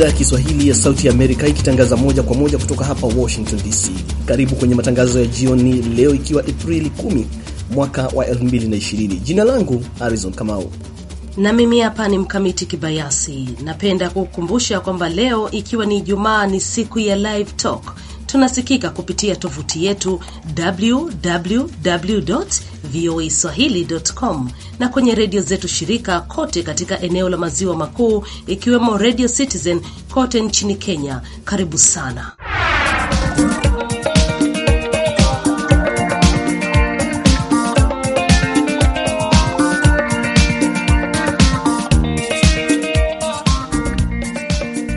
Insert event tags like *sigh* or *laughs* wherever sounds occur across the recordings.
idhaa ya Kiswahili ya Sauti ya Amerika ikitangaza moja kwa moja kutoka hapa Washington DC. Karibu kwenye matangazo ya jioni leo, ikiwa Aprili 10 mwaka wa 2020. Jina langu Harrison Kamau na mimi hapa ni Mkamiti Kibayasi. Napenda kukukumbusha kwamba leo ikiwa ni Ijumaa, ni siku ya Live Talk Tunasikika kupitia tovuti yetu www voa swahili.com na kwenye redio zetu shirika kote katika eneo la maziwa makuu ikiwemo Radio Citizen kote nchini Kenya. Karibu sana.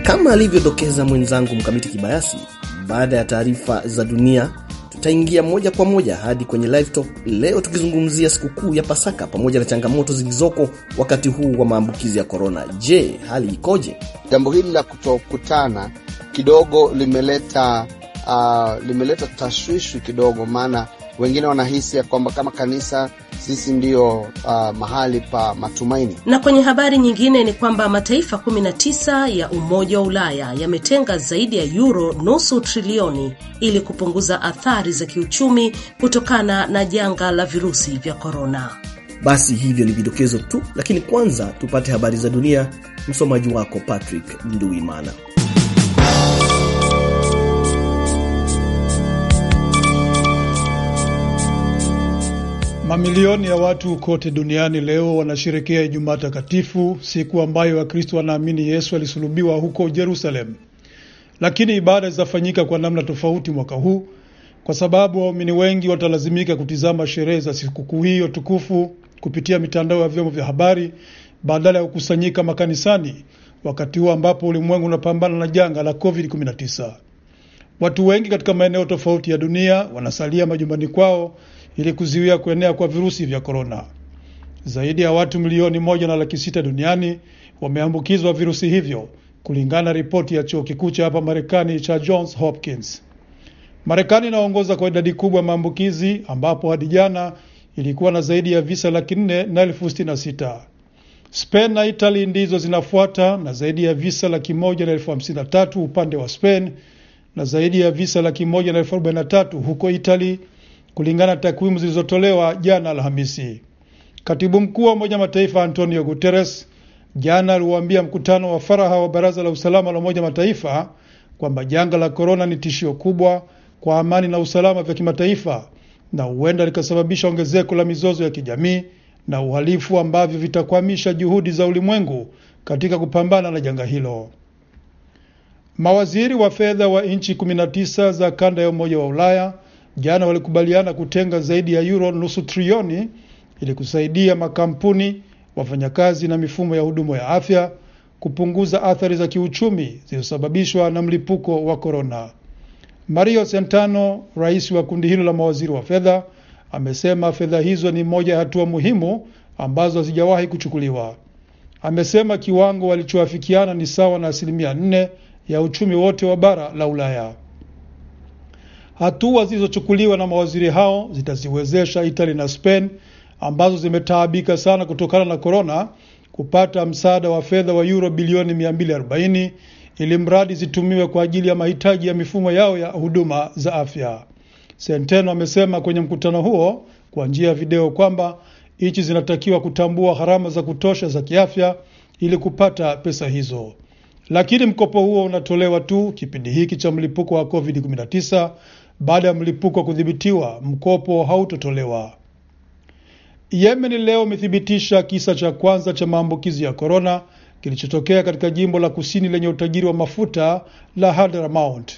Kama alivyodokeza mwenzangu Mkamiti Kibayasi, baada ya taarifa za dunia, tutaingia moja kwa moja hadi kwenye live leo, tukizungumzia sikukuu ya Pasaka pamoja na changamoto zilizoko wakati huu wa maambukizi ya korona. Je, hali ikoje? Jambo hili la kutokutana kidogo limeleta uh, limeleta tashwishi kidogo, maana wengine wanahisi ya kwamba kama kanisa sisi ndiyo uh, mahali pa matumaini. Na kwenye habari nyingine ni kwamba mataifa 19 ya Umoja wa Ulaya yametenga zaidi ya yuro nusu trilioni ili kupunguza athari za kiuchumi kutokana na janga la virusi vya korona. Basi hivyo ni vidokezo tu, lakini kwanza tupate habari za dunia. Msomaji wako Patrick Nduimana. Mamilioni ya watu kote duniani leo wanasherekea Ijumaa Takatifu, siku ambayo Wakristo wanaamini Yesu alisulubiwa huko Jerusalemu. Lakini ibada zitafanyika kwa namna tofauti mwaka huu kwa sababu waumini wengi watalazimika kutizama sherehe za sikukuu hiyo tukufu kupitia mitandao ya vyombo vya habari badala ya kukusanyika makanisani, wakati huo ambapo ulimwengu unapambana na janga la COVID-19. Watu wengi katika maeneo tofauti ya dunia wanasalia majumbani kwao ili kuziwia kuenea kwa virusi vya korona. Zaidi ya watu milioni moja na laki sita duniani wameambukizwa virusi hivyo kulingana na ripoti ya chuo kikuu cha hapa Marekani cha Johns Hopkins. Marekani inaongoza kwa idadi kubwa ya maambukizi ambapo hadi jana ilikuwa na zaidi ya visa laki nne na elfu sitini na sita. Spain na Italy ndizo zinafuata na zaidi ya visa laki moja na elfu hamsini na tatu upande wa Spain na zaidi ya visa laki moja na elfu arobaini na tatu huko Italy kulingana na takwimu zilizotolewa jana Alhamisi. Katibu mkuu wa Umoja Mataifa Antonio Guterres jana aliwaambia mkutano wa faraha wa Baraza la Usalama la Umoja Mataifa kwamba janga la korona ni tishio kubwa kwa amani na usalama vya kimataifa na huenda likasababisha ongezeko la mizozo ya kijamii na uhalifu ambavyo vitakwamisha juhudi za ulimwengu katika kupambana na janga hilo. Mawaziri wa fedha wa nchi 19 za kanda ya Umoja wa Ulaya Jana walikubaliana kutenga zaidi ya euro nusu trilioni ili kusaidia makampuni, wafanyakazi na mifumo ya huduma ya afya kupunguza athari za kiuchumi zilizosababishwa na mlipuko wa korona. Mario Centano, rais wa kundi hilo la mawaziri wa fedha, amesema fedha hizo ni moja ya hatua muhimu ambazo hazijawahi kuchukuliwa. Amesema kiwango walichoafikiana ni sawa na asilimia nne ya uchumi wote wa bara la Ulaya. Hatua zilizochukuliwa na mawaziri hao zitaziwezesha Italy na Spain ambazo zimetaabika sana kutokana na korona kupata msaada wa fedha wa euro bilioni 240 ili mradi zitumiwe kwa ajili ya mahitaji ya mifumo yao ya huduma za afya. Centeno amesema kwenye mkutano huo kwa njia ya video kwamba nchi zinatakiwa kutambua gharama za kutosha za kiafya ili kupata pesa hizo, lakini mkopo huo unatolewa tu kipindi hiki cha mlipuko wa COVID-19 baada ya mlipuko kudhibitiwa, mkopo hautotolewa. Yemen leo imethibitisha kisa cha kwanza cha maambukizi ya korona kilichotokea katika jimbo la kusini lenye utajiri wa mafuta la Hadramaut.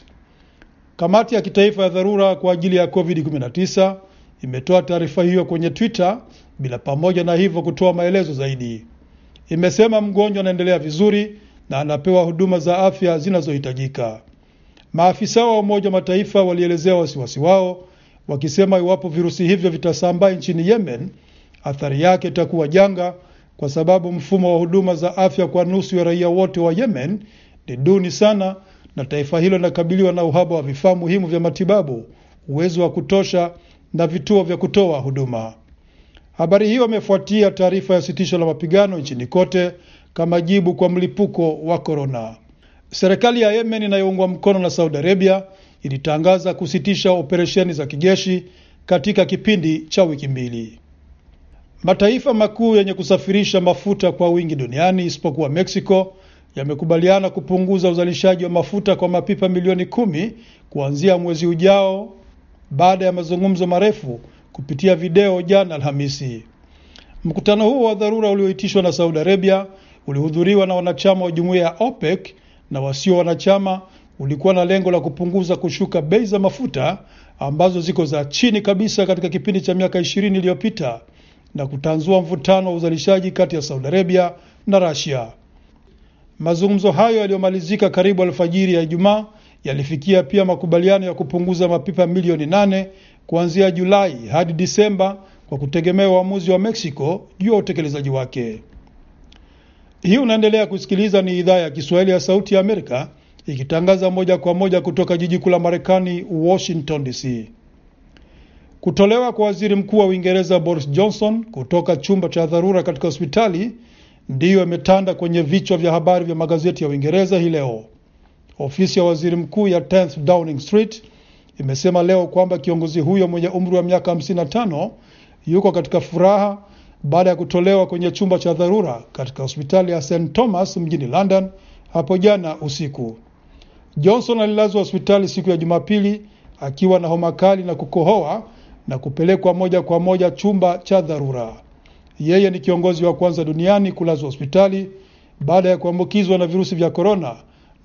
Kamati ya kitaifa ya dharura kwa ajili ya COVID-19 imetoa taarifa hiyo kwenye Twitter bila pamoja na hivyo kutoa maelezo zaidi. Imesema mgonjwa anaendelea vizuri na anapewa huduma za afya zinazohitajika. Maafisa wa Umoja wa Mataifa walielezea wasiwasi wao wakisema iwapo virusi hivyo vitasambaa nchini Yemen, athari yake itakuwa janga, kwa sababu mfumo wa huduma za afya kwa nusu ya raia wote wa Yemen ni duni sana, na taifa hilo linakabiliwa na uhaba wa vifaa muhimu vya matibabu, uwezo wa kutosha na vituo vya kutoa huduma. Habari hiyo imefuatia taarifa ya sitisho la mapigano nchini kote kama jibu kwa mlipuko wa korona. Serikali ya Yemen inayoungwa mkono na Saudi Arabia ilitangaza kusitisha operesheni za kijeshi katika kipindi cha wiki mbili. Mataifa makuu yenye kusafirisha mafuta kwa wingi duniani isipokuwa Mexico yamekubaliana kupunguza uzalishaji wa mafuta kwa mapipa milioni kumi kuanzia mwezi ujao baada ya mazungumzo marefu kupitia video jana Alhamisi. Mkutano huo wa dharura ulioitishwa na Saudi Arabia ulihudhuriwa na wanachama wa jumuiya ya OPEC na wasio wanachama ulikuwa na lengo la kupunguza kushuka bei za mafuta ambazo ziko za chini kabisa katika kipindi cha miaka ishirini iliyopita na kutanzua mvutano wa uzalishaji kati ya Saudi Arabia na Russia. Mazungumzo hayo yaliyomalizika karibu alfajiri ya Ijumaa yalifikia pia makubaliano ya kupunguza mapipa milioni nane kuanzia Julai hadi Disemba kwa kutegemea uamuzi wa Mexico juu ya utekelezaji wake. Hii unaendelea kusikiliza ni idhaa ya Kiswahili ya Sauti ya Amerika ikitangaza moja kwa moja kutoka jiji kuu la Marekani, Washington DC. Kutolewa kwa waziri mkuu wa Uingereza Boris Johnson kutoka chumba cha dharura katika hospitali ndiyo imetanda kwenye vichwa vya habari vya magazeti ya Uingereza hii leo. Ofisi ya waziri mkuu ya 10 Downing Street imesema leo kwamba kiongozi huyo mwenye umri wa miaka 55 yuko katika furaha baada ya kutolewa kwenye chumba cha dharura katika hospitali ya St Thomas mjini London hapo jana usiku. Johnson alilazwa hospitali siku ya Jumapili akiwa na homa kali na kukohoa na kupelekwa moja kwa moja chumba cha dharura. Yeye ni kiongozi wa kwanza duniani kulazwa hospitali baada ya kuambukizwa na virusi vya korona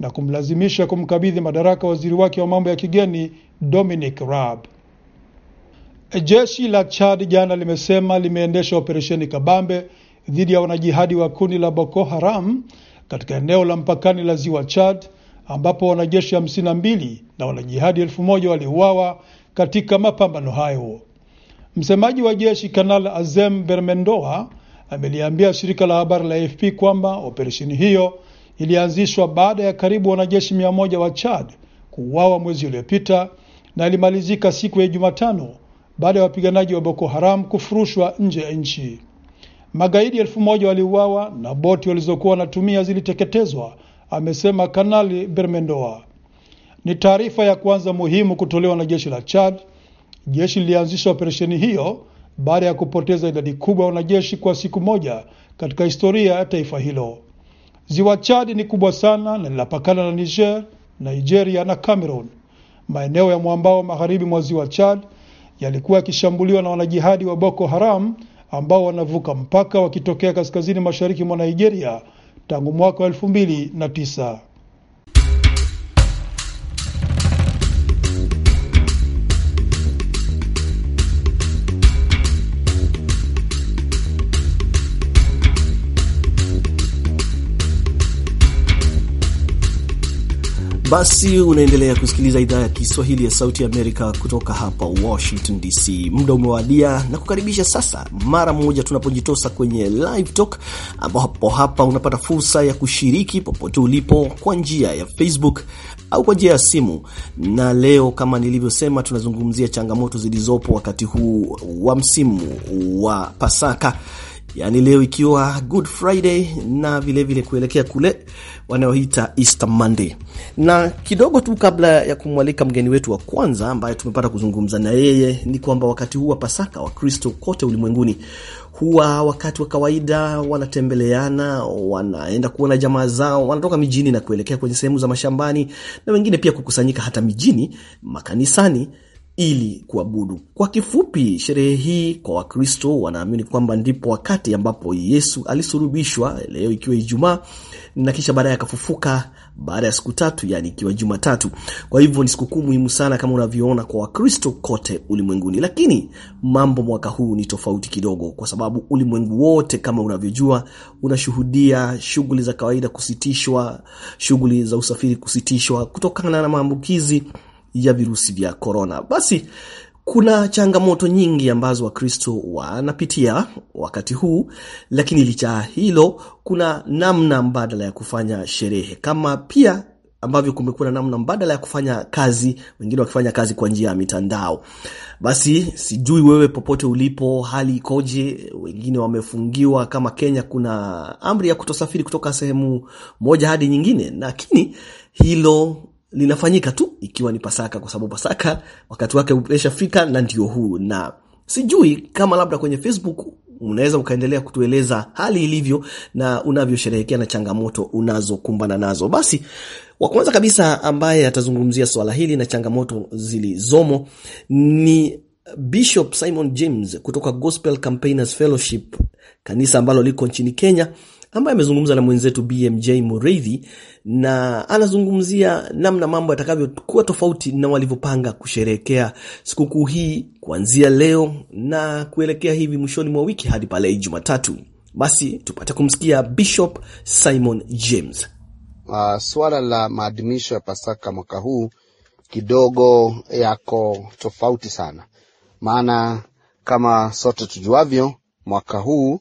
na kumlazimisha kumkabidhi madaraka waziri wake wa mambo ya kigeni Dominic Raab. Jeshi la Chad jana limesema limeendesha operesheni kabambe dhidi ya wanajihadi wa kundi la Boko Haram katika eneo la mpakani la Ziwa Chad ambapo wanajeshi hamsini na mbili na wanajihadi elfu moja waliuawa katika mapambano hayo. Msemaji wa jeshi Kanal Azem Bermendoa ameliambia shirika la habari la AFP kwamba operesheni hiyo ilianzishwa baada ya karibu wanajeshi mia moja wa Chad kuuawa mwezi uliopita na ilimalizika siku ya Jumatano baada ya wapiganaji wa Boko Haram kufurushwa nje ya nchi. Magaidi elfu moja waliuawa na boti walizokuwa wanatumia ziliteketezwa, amesema Kanali Bermendoa. Ni taarifa ya kwanza muhimu kutolewa na jeshi la Chad. Jeshi lilianzisha operesheni hiyo baada ya kupoteza idadi kubwa ya wanajeshi kwa siku moja katika historia ya taifa hilo. Ziwa Chad ni kubwa sana na linapakana na Niger, Nigeria na Cameroon. Maeneo ya mwambao magharibi mwa ziwa Chad yalikuwa yakishambuliwa na wanajihadi wa Boko Haram ambao wanavuka mpaka wakitokea kaskazini mashariki mwa Nigeria tangu mwaka wa elfu mbili na tisa. Basi unaendelea kusikiliza idhaa ya Kiswahili ya Sauti Amerika kutoka hapa Washington DC. Muda umewadia na kukaribisha sasa mara moja tunapojitosa kwenye Live Talk, ambapo hapa unapata fursa ya kushiriki popote ulipo kwa njia ya Facebook au kwa njia ya simu. Na leo kama nilivyosema, tunazungumzia changamoto zilizopo wakati huu wa msimu wa Pasaka yaani leo ikiwa Good Friday na vilevile vile kuelekea kule wanaoita Easter Monday. Na kidogo tu kabla ya kumwalika mgeni wetu wa kwanza ambaye tumepata kuzungumza na yeye, ni kwamba wakati huu wa Pasaka Wakristo kote ulimwenguni huwa wakati wa kawaida wanatembeleana, wanaenda kuona jamaa zao, wanatoka mijini na kuelekea kwenye sehemu za mashambani, na wengine pia kukusanyika hata mijini makanisani ili kuabudu. Kwa kifupi, sherehe hii kwa Wakristo wanaamini kwamba ndipo wakati ambapo Yesu alisulubishwa, leo ikiwa Ijumaa, na kisha baadaye akafufuka baada ya siku tatu, yani ikiwa Jumatatu. Kwa hivyo ni sikukuu muhimu sana kama unavyoona kwa Wakristo kote ulimwenguni, lakini mambo mwaka huu ni tofauti kidogo, kwa sababu ulimwengu wote kama unavyojua unashuhudia shughuli za kawaida kusitishwa, shughuli za usafiri kusitishwa kutokana na maambukizi ya virusi vya korona. Basi kuna changamoto nyingi ambazo Wakristo wanapitia wakati huu, lakini licha hilo, kuna namna mbadala ya kufanya sherehe kama pia ambavyo kumekuwa na namna mbadala ya kufanya kazi, wengine wakifanya kazi kwa njia ya mitandao. Basi sijui wewe popote ulipo hali ikoje? Wengine wamefungiwa, kama Kenya kuna amri ya kutosafiri kutoka sehemu moja hadi nyingine, lakini hilo linafanyika tu ikiwa ni Pasaka, kwa sababu Pasaka wakati wake umeshafika na ndio huu, na sijui kama labda kwenye Facebook unaweza ukaendelea kutueleza hali ilivyo na unavyosherehekea na changamoto unazokumbana nazo. Basi wa kwanza kabisa ambaye atazungumzia swala hili na changamoto zilizomo ni Bishop Simon James kutoka Gospel Campaigners Fellowship, kanisa ambalo liko nchini Kenya ambaye amezungumza na mwenzetu BMJ Mureithi na anazungumzia namna mambo yatakavyokuwa tofauti na walivyopanga kusherehekea sikukuu hii kuanzia leo na kuelekea hivi mwishoni mwa wiki hadi pale Jumatatu. Basi tupate kumsikia Bishop Simon James. Uh, ah, suala la maadhimisho ya Pasaka mwaka huu kidogo yako tofauti sana, maana kama sote tujuavyo, mwaka huu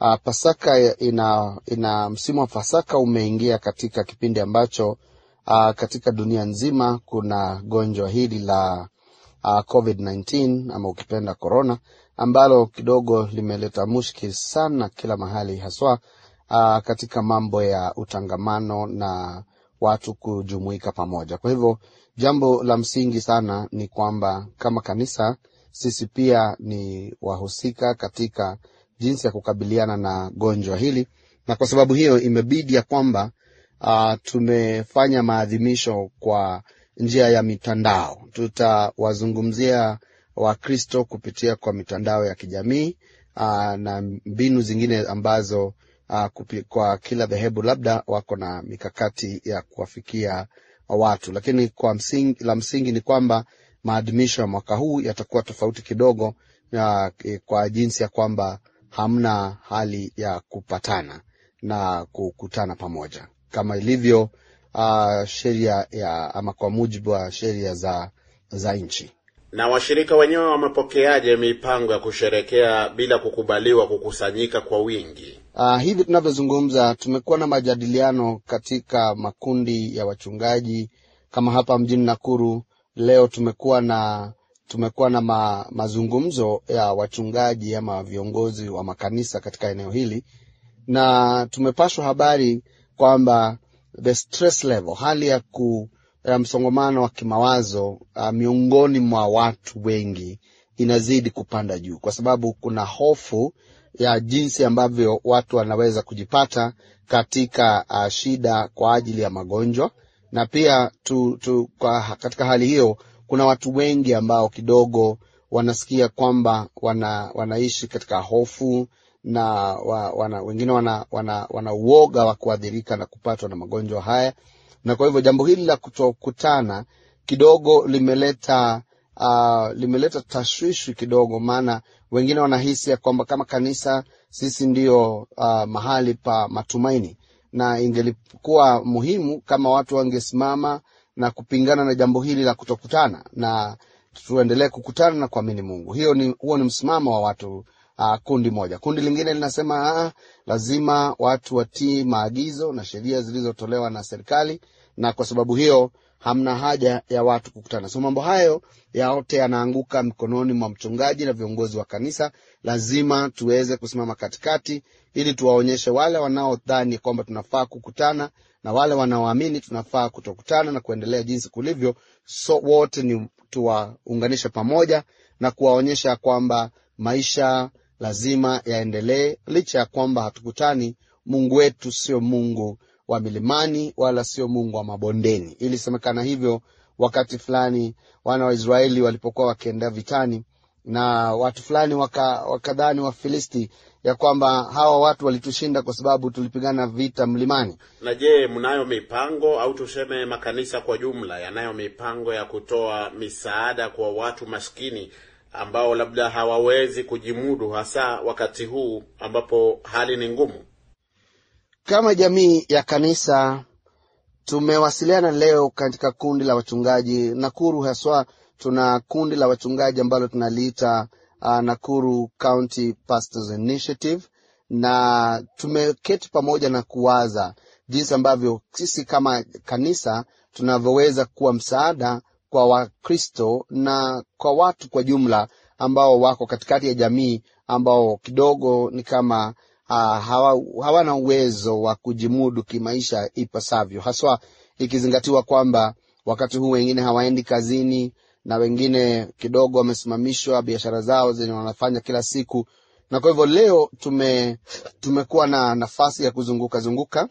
uh, Pasaka ina, ina msimu wa Pasaka umeingia katika kipindi ambacho uh, katika dunia nzima kuna gonjwa hili la uh, ah, COVID-19 ama ukipenda corona ambalo kidogo limeleta mushkil sana kila mahali haswa uh, katika mambo ya utangamano na watu kujumuika pamoja. Kwa hivyo jambo la msingi sana ni kwamba kama kanisa sisi pia ni wahusika katika jinsi ya kukabiliana na gonjwa hili, na kwa sababu hiyo imebidi ya kwamba uh, tumefanya maadhimisho kwa njia ya mitandao. Tutawazungumzia Wakristo kupitia kwa mitandao ya kijamii uh, na mbinu zingine ambazo uh, kupi, kwa kila dhehebu labda wako na mikakati ya kuwafikia watu, lakini kwa msingi, la msingi ni kwamba maadhimisho ya mwaka huu yatakuwa tofauti kidogo uh, kwa jinsi ya kwamba hamna hali ya kupatana na kukutana pamoja kama ilivyo uh, sheria ya ama kwa mujibu wa sheria za za nchi. Na washirika wenyewe wamepokeaje mipango ya kusherekea bila kukubaliwa kukusanyika kwa wingi? Uh, hivi tunavyozungumza, tumekuwa na majadiliano katika makundi ya wachungaji kama hapa mjini Nakuru. Leo tumekuwa na tumekuwa na ma, mazungumzo ya wachungaji ama viongozi wa makanisa katika eneo hili na tumepashwa habari kwamba the stress level, hali ya, ku, ya msongamano wa kimawazo uh, miongoni mwa watu wengi inazidi kupanda juu kwa sababu kuna hofu ya jinsi ambavyo watu wanaweza kujipata katika uh, shida kwa ajili ya magonjwa na pia tu, tu, kwa, katika hali hiyo kuna watu wengi ambao kidogo wanasikia kwamba wana, wanaishi katika hofu na wa, wana, wengine wana, wana, wana uoga wa kuadhirika na kupatwa na magonjwa haya, na kwa hivyo jambo hili la kutokutana kidogo limeleta uh, limeleta tashwishi kidogo, maana wengine wanahisi ya kwamba kama kanisa sisi ndio uh, mahali pa matumaini, na ingelikuwa muhimu kama watu wangesimama na kupingana na jambo hili la kutokutana na tuendelee kukutana na kuamini mungu hiyo ni huo ni msimamo wa watu uh, kundi moja kundi lingine linasema uh, lazima watu watii maagizo na sheria zilizotolewa na serikali na kwa sababu hiyo hamna haja ya watu kukutana so mambo hayo yote yanaanguka mkononi mwa mchungaji na viongozi wa kanisa lazima tuweze kusimama katikati ili tuwaonyeshe wale wanaodhani kwamba tunafaa kukutana na wale wanaoamini tunafaa kutokutana na kuendelea jinsi kulivyo. So wote ni tuwaunganishe pamoja na kuwaonyesha kwamba maisha lazima yaendelee, licha ya kwamba hatukutani. Mungu wetu sio Mungu wa milimani wala sio Mungu wa mabondeni. Ilisemekana hivyo wakati fulani, wana wa Israeli walipokuwa wakienda vitani na watu fulani wakadhani waka Wafilisti ya kwamba hawa watu walitushinda kwa sababu tulipigana vita mlimani. Na je, mnayo mipango au tuseme makanisa kwa jumla yanayo mipango ya kutoa misaada kwa watu maskini ambao labda hawawezi kujimudu, hasa wakati huu ambapo hali ni ngumu? Kama jamii ya kanisa tumewasiliana leo katika kundi la wachungaji Nakuru, haswa tuna kundi la wachungaji ambalo tunaliita uh, Nakuru County Pastors Initiative na tumeketi pamoja na kuwaza jinsi ambavyo sisi kama kanisa tunavyoweza kuwa msaada kwa Wakristo na kwa watu kwa jumla ambao wako katikati ya jamii ambao kidogo ni kama uh, hawa, hawana uwezo wa kujimudu kimaisha ipasavyo, haswa ikizingatiwa kwamba wakati huu wengine hawaendi kazini, na wengine kidogo wamesimamishwa biashara zao zenye wanafanya kila siku na kwa hivyo leo tume tumekuwa na nafasi ya kuzunguka zunguka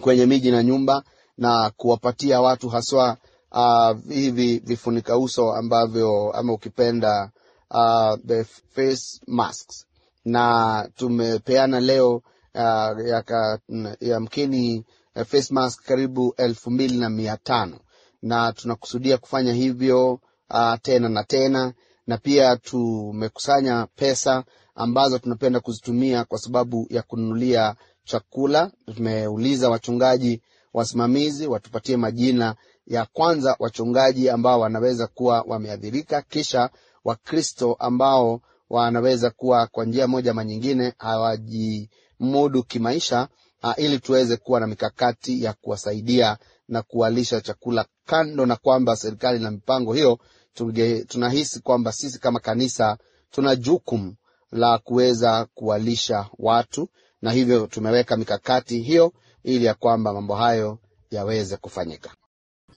kwenye miji na nyumba na kuwapatia watu haswa uh, hivi vifunika uso ambavyo ama ukipenda uh, the face masks na tumepeana leo uh, ah, yamkini ya, ya mkini, uh, face mask karibu elfu mbili na mia tano na tunakusudia kufanya hivyo uh, tena na tena na pia tumekusanya pesa ambazo tunapenda kuzitumia kwa sababu ya kununulia chakula tumeuliza wachungaji wasimamizi watupatie majina ya kwanza wachungaji ambao wanaweza kuwa wameathirika kisha wakristo ambao wanaweza kuwa kwa njia moja ama nyingine hawajimudu kimaisha ah, ili tuweze kuwa na mikakati ya kuwasaidia na kuwalisha chakula kando na kwamba serikali na mipango hiyo tunge, tunahisi kwamba sisi kama kanisa tuna jukumu la kuweza kuwalisha watu, na hivyo tumeweka mikakati hiyo ili ya kwamba mambo hayo yaweze kufanyika.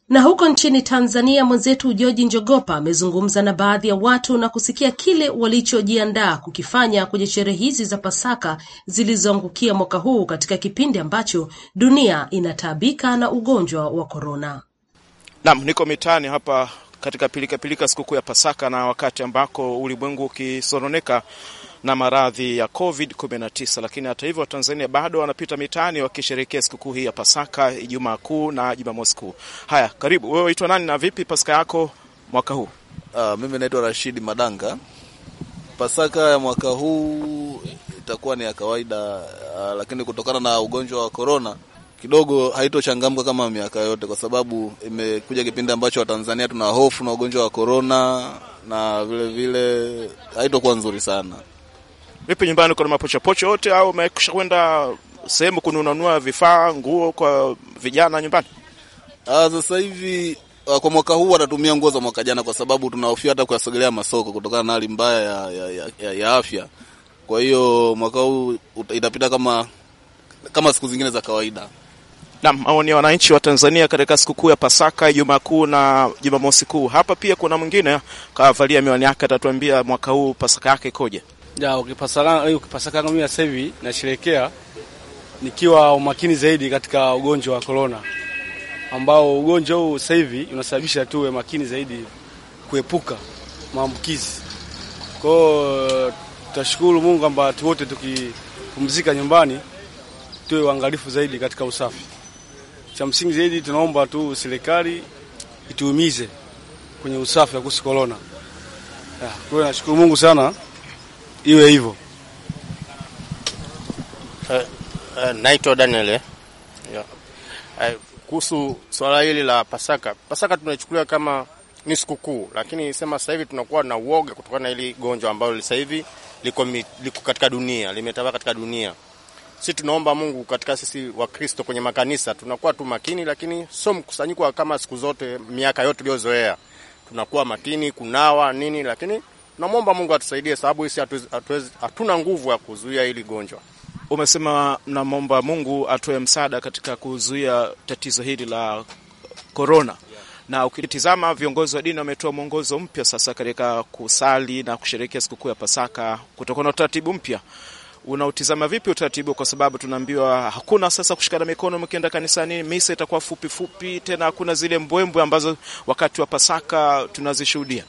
Na huko nchini Tanzania, mwenzetu joji Njogopa amezungumza na baadhi ya watu na kusikia kile walichojiandaa kukifanya kwenye sherehe hizi za Pasaka zilizoangukia mwaka huu katika kipindi ambacho dunia inataabika na ugonjwa wa korona. Naam, niko mitaani hapa katika pilikapilika sikukuu ya Pasaka na wakati ambako ulimwengu ukisononeka na maradhi ya Covid 19, lakini hata hivyo Watanzania bado wanapita mitaani wakisherehekea sikukuu hii ya Pasaka, Ijumaa Kuu na Jumamosi Kuu. Haya, karibu wewe, waitwa nani na vipi Pasaka yako mwaka huu? Uh, mimi naitwa Rashidi Madanga. Pasaka ya mwaka huu itakuwa ni ya kawaida, uh, lakini kutokana na ugonjwa wa korona kidogo haitochangamka kama miaka yote, kwa sababu imekuja kipindi ambacho Watanzania tuna hofu na ugonjwa wa korona, na vile vile haitokuwa nzuri sana. Vipi nyumbani, kuna mapochopocho yote au umekusha kwenda sehemu kununua vifaa, nguo kwa vijana nyumbani? Ah, sasa hivi ah, kwa mwaka huu watatumia nguo za mwaka jana, kwa sababu tunahofia hata kuyasogelea masoko kutokana na hali mbaya ya, ya, ya, ya afya. Kwa hiyo mwaka huu itapita kama kama siku zingine za kawaida. Na maoni ya wananchi wa Tanzania katika sikukuu ya Pasaka, Juma Kuu na Jumamosi Kuu. Hapa pia kuna mwingine kavalia miwani yake, atatuambia mwaka huu Pasaka yake ikoje? Ya, ukipasaka eh, ukipasaka mimi sasa hivi nasherehekea nikiwa umakini zaidi katika ugonjwa wa corona, ambao ugonjwa huu sasa hivi unasababisha tuwe makini zaidi kuepuka maambukizi. Kwa tashukuru eh, tutashukuru Mungu kwamba tu wote tukipumzika nyumbani tuwe uangalifu zaidi katika usafi. Cha msingi zaidi tunaomba tu serikali ituumize kwenye usafi wa kuhusu korona. Kwa hiyo nashukuru Mungu sana iwe hivyo. Uh, uh, naitwa Daniel yeah. uh, eh, kuhusu swala hili la Pasaka, Pasaka tunaichukulia kama ni sikukuu, lakini sema sasa hivi tunakuwa na uoga kutokana na hili gonjwa ambalo sasa hivi liko, liko katika dunia limetawala katika dunia Si tunaomba Mungu katika sisi Wakristo kwenye makanisa tunakuwa tu makini, lakini sio mkusanyiko kama siku zote, miaka yote tuliyozoea. Tunakuwa makini kunawa nini, lakini tunamwomba Mungu atusaidie, sababu sisi hatuna nguvu ya kuzuia hili gonjwa. Umesema mnamwomba Mungu atoe msaada katika kuzuia tatizo hili la korona, Na ukitizama viongozi wa dini wametoa mwongozo mpya sasa katika kusali na kusherehekea sikukuu ya Pasaka, kutokana na utaratibu mpya unautizama vipi utaratibu? Kwa sababu tunaambiwa hakuna sasa kushikana mikono mkienda kanisani, misa itakuwa fupi fupi, tena hakuna zile mbwembwe ambazo wakati wa Pasaka tunazishuhudia.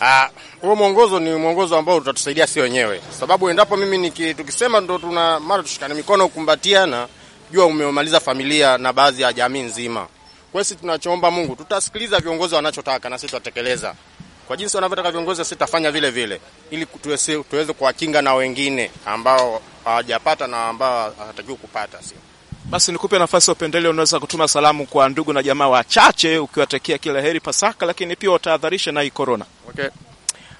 Ah, huo uh, mwongozo ni mwongozo ambao utatusaidia si wenyewe, sababu endapo mimi niki, tukisema ndo tuna mara tushikane mikono kukumbatiana jua umemaliza familia na baadhi ya jamii nzima. Kwa hiyo tunachoomba Mungu, tutasikiliza viongozi wanachotaka na sisi tutatekeleza kwa jinsi wanavyotaka viongozi, sisi tafanya vile vile ili tuweze kuwakinga na wengine ambao hawajapata na ambao hawatakiwi kupata, sio basi nikupe nafasi ya upendeleo. Unaweza kutuma salamu kwa ndugu na jamaa wachache ukiwatakia kila heri Pasaka, lakini pia watahadharishe na hii corona. Okay.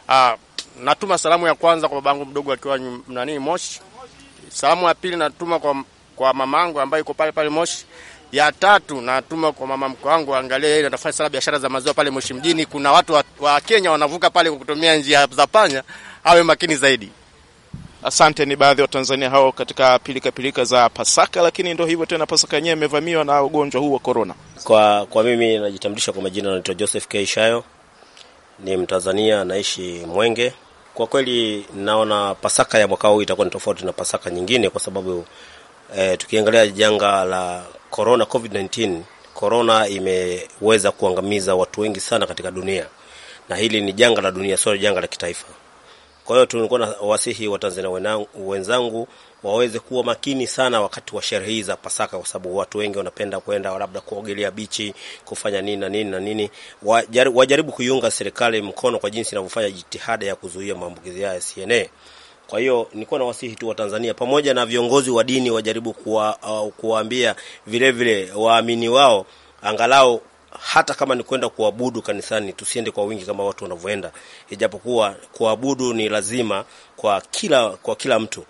Ah, natuma salamu ya kwanza kwa babangu mdogo akiwa nani Moshi. Salamu ya pili natuma kwa, kwa mamangu ambaye yuko pale pale Moshi. Ya tatu natuma kwa mama mko wangu angalie ile anafanya sana biashara za maziwa pale Moshi mjini. Kuna watu wa, wa Kenya wanavuka pale kwa kutumia njia za panya, awe makini zaidi. Asante. Ni baadhi ya Watanzania hao katika pilika pilika za Pasaka, lakini ndio hivyo tena, Pasaka yenyewe imevamiwa na ugonjwa huu wa korona. Kwa kwa mimi najitambulisha kwa majina, naitwa Joseph K Shayo, ni Mtanzania anaishi Mwenge. Kwa kweli naona Pasaka ya mwaka huu itakuwa ni tofauti na Pasaka nyingine kwa sababu E, tukiangalia janga la corona COVID-19, corona imeweza kuangamiza watu wengi sana katika dunia, na hili ni janga la dunia, sio janga la kitaifa. Kwa hiyo tulikuwa na wasihi wa Tanzania wenzangu waweze kuwa makini sana wakati wa sherehe za Pasaka, kwa sababu watu wengi wanapenda kwenda labda kuogelea bichi, kufanya nini na nini na nini. Wajaribu kuiunga serikali mkono kwa jinsi inavyofanya jitihada ya kuzuia maambukizi haya ya CNA. Kwa hiyo nilikuwa na wasihi tu wa Tanzania pamoja na viongozi wa dini wajaribu kuwa, uh, kuwaambia vile vile waamini wao angalau hata kama ni kwenda kuabudu kanisani, tusiende kwa wingi kama watu wanavyoenda, ijapokuwa kuabudu ni lazima kwa kila kwa kila mtu.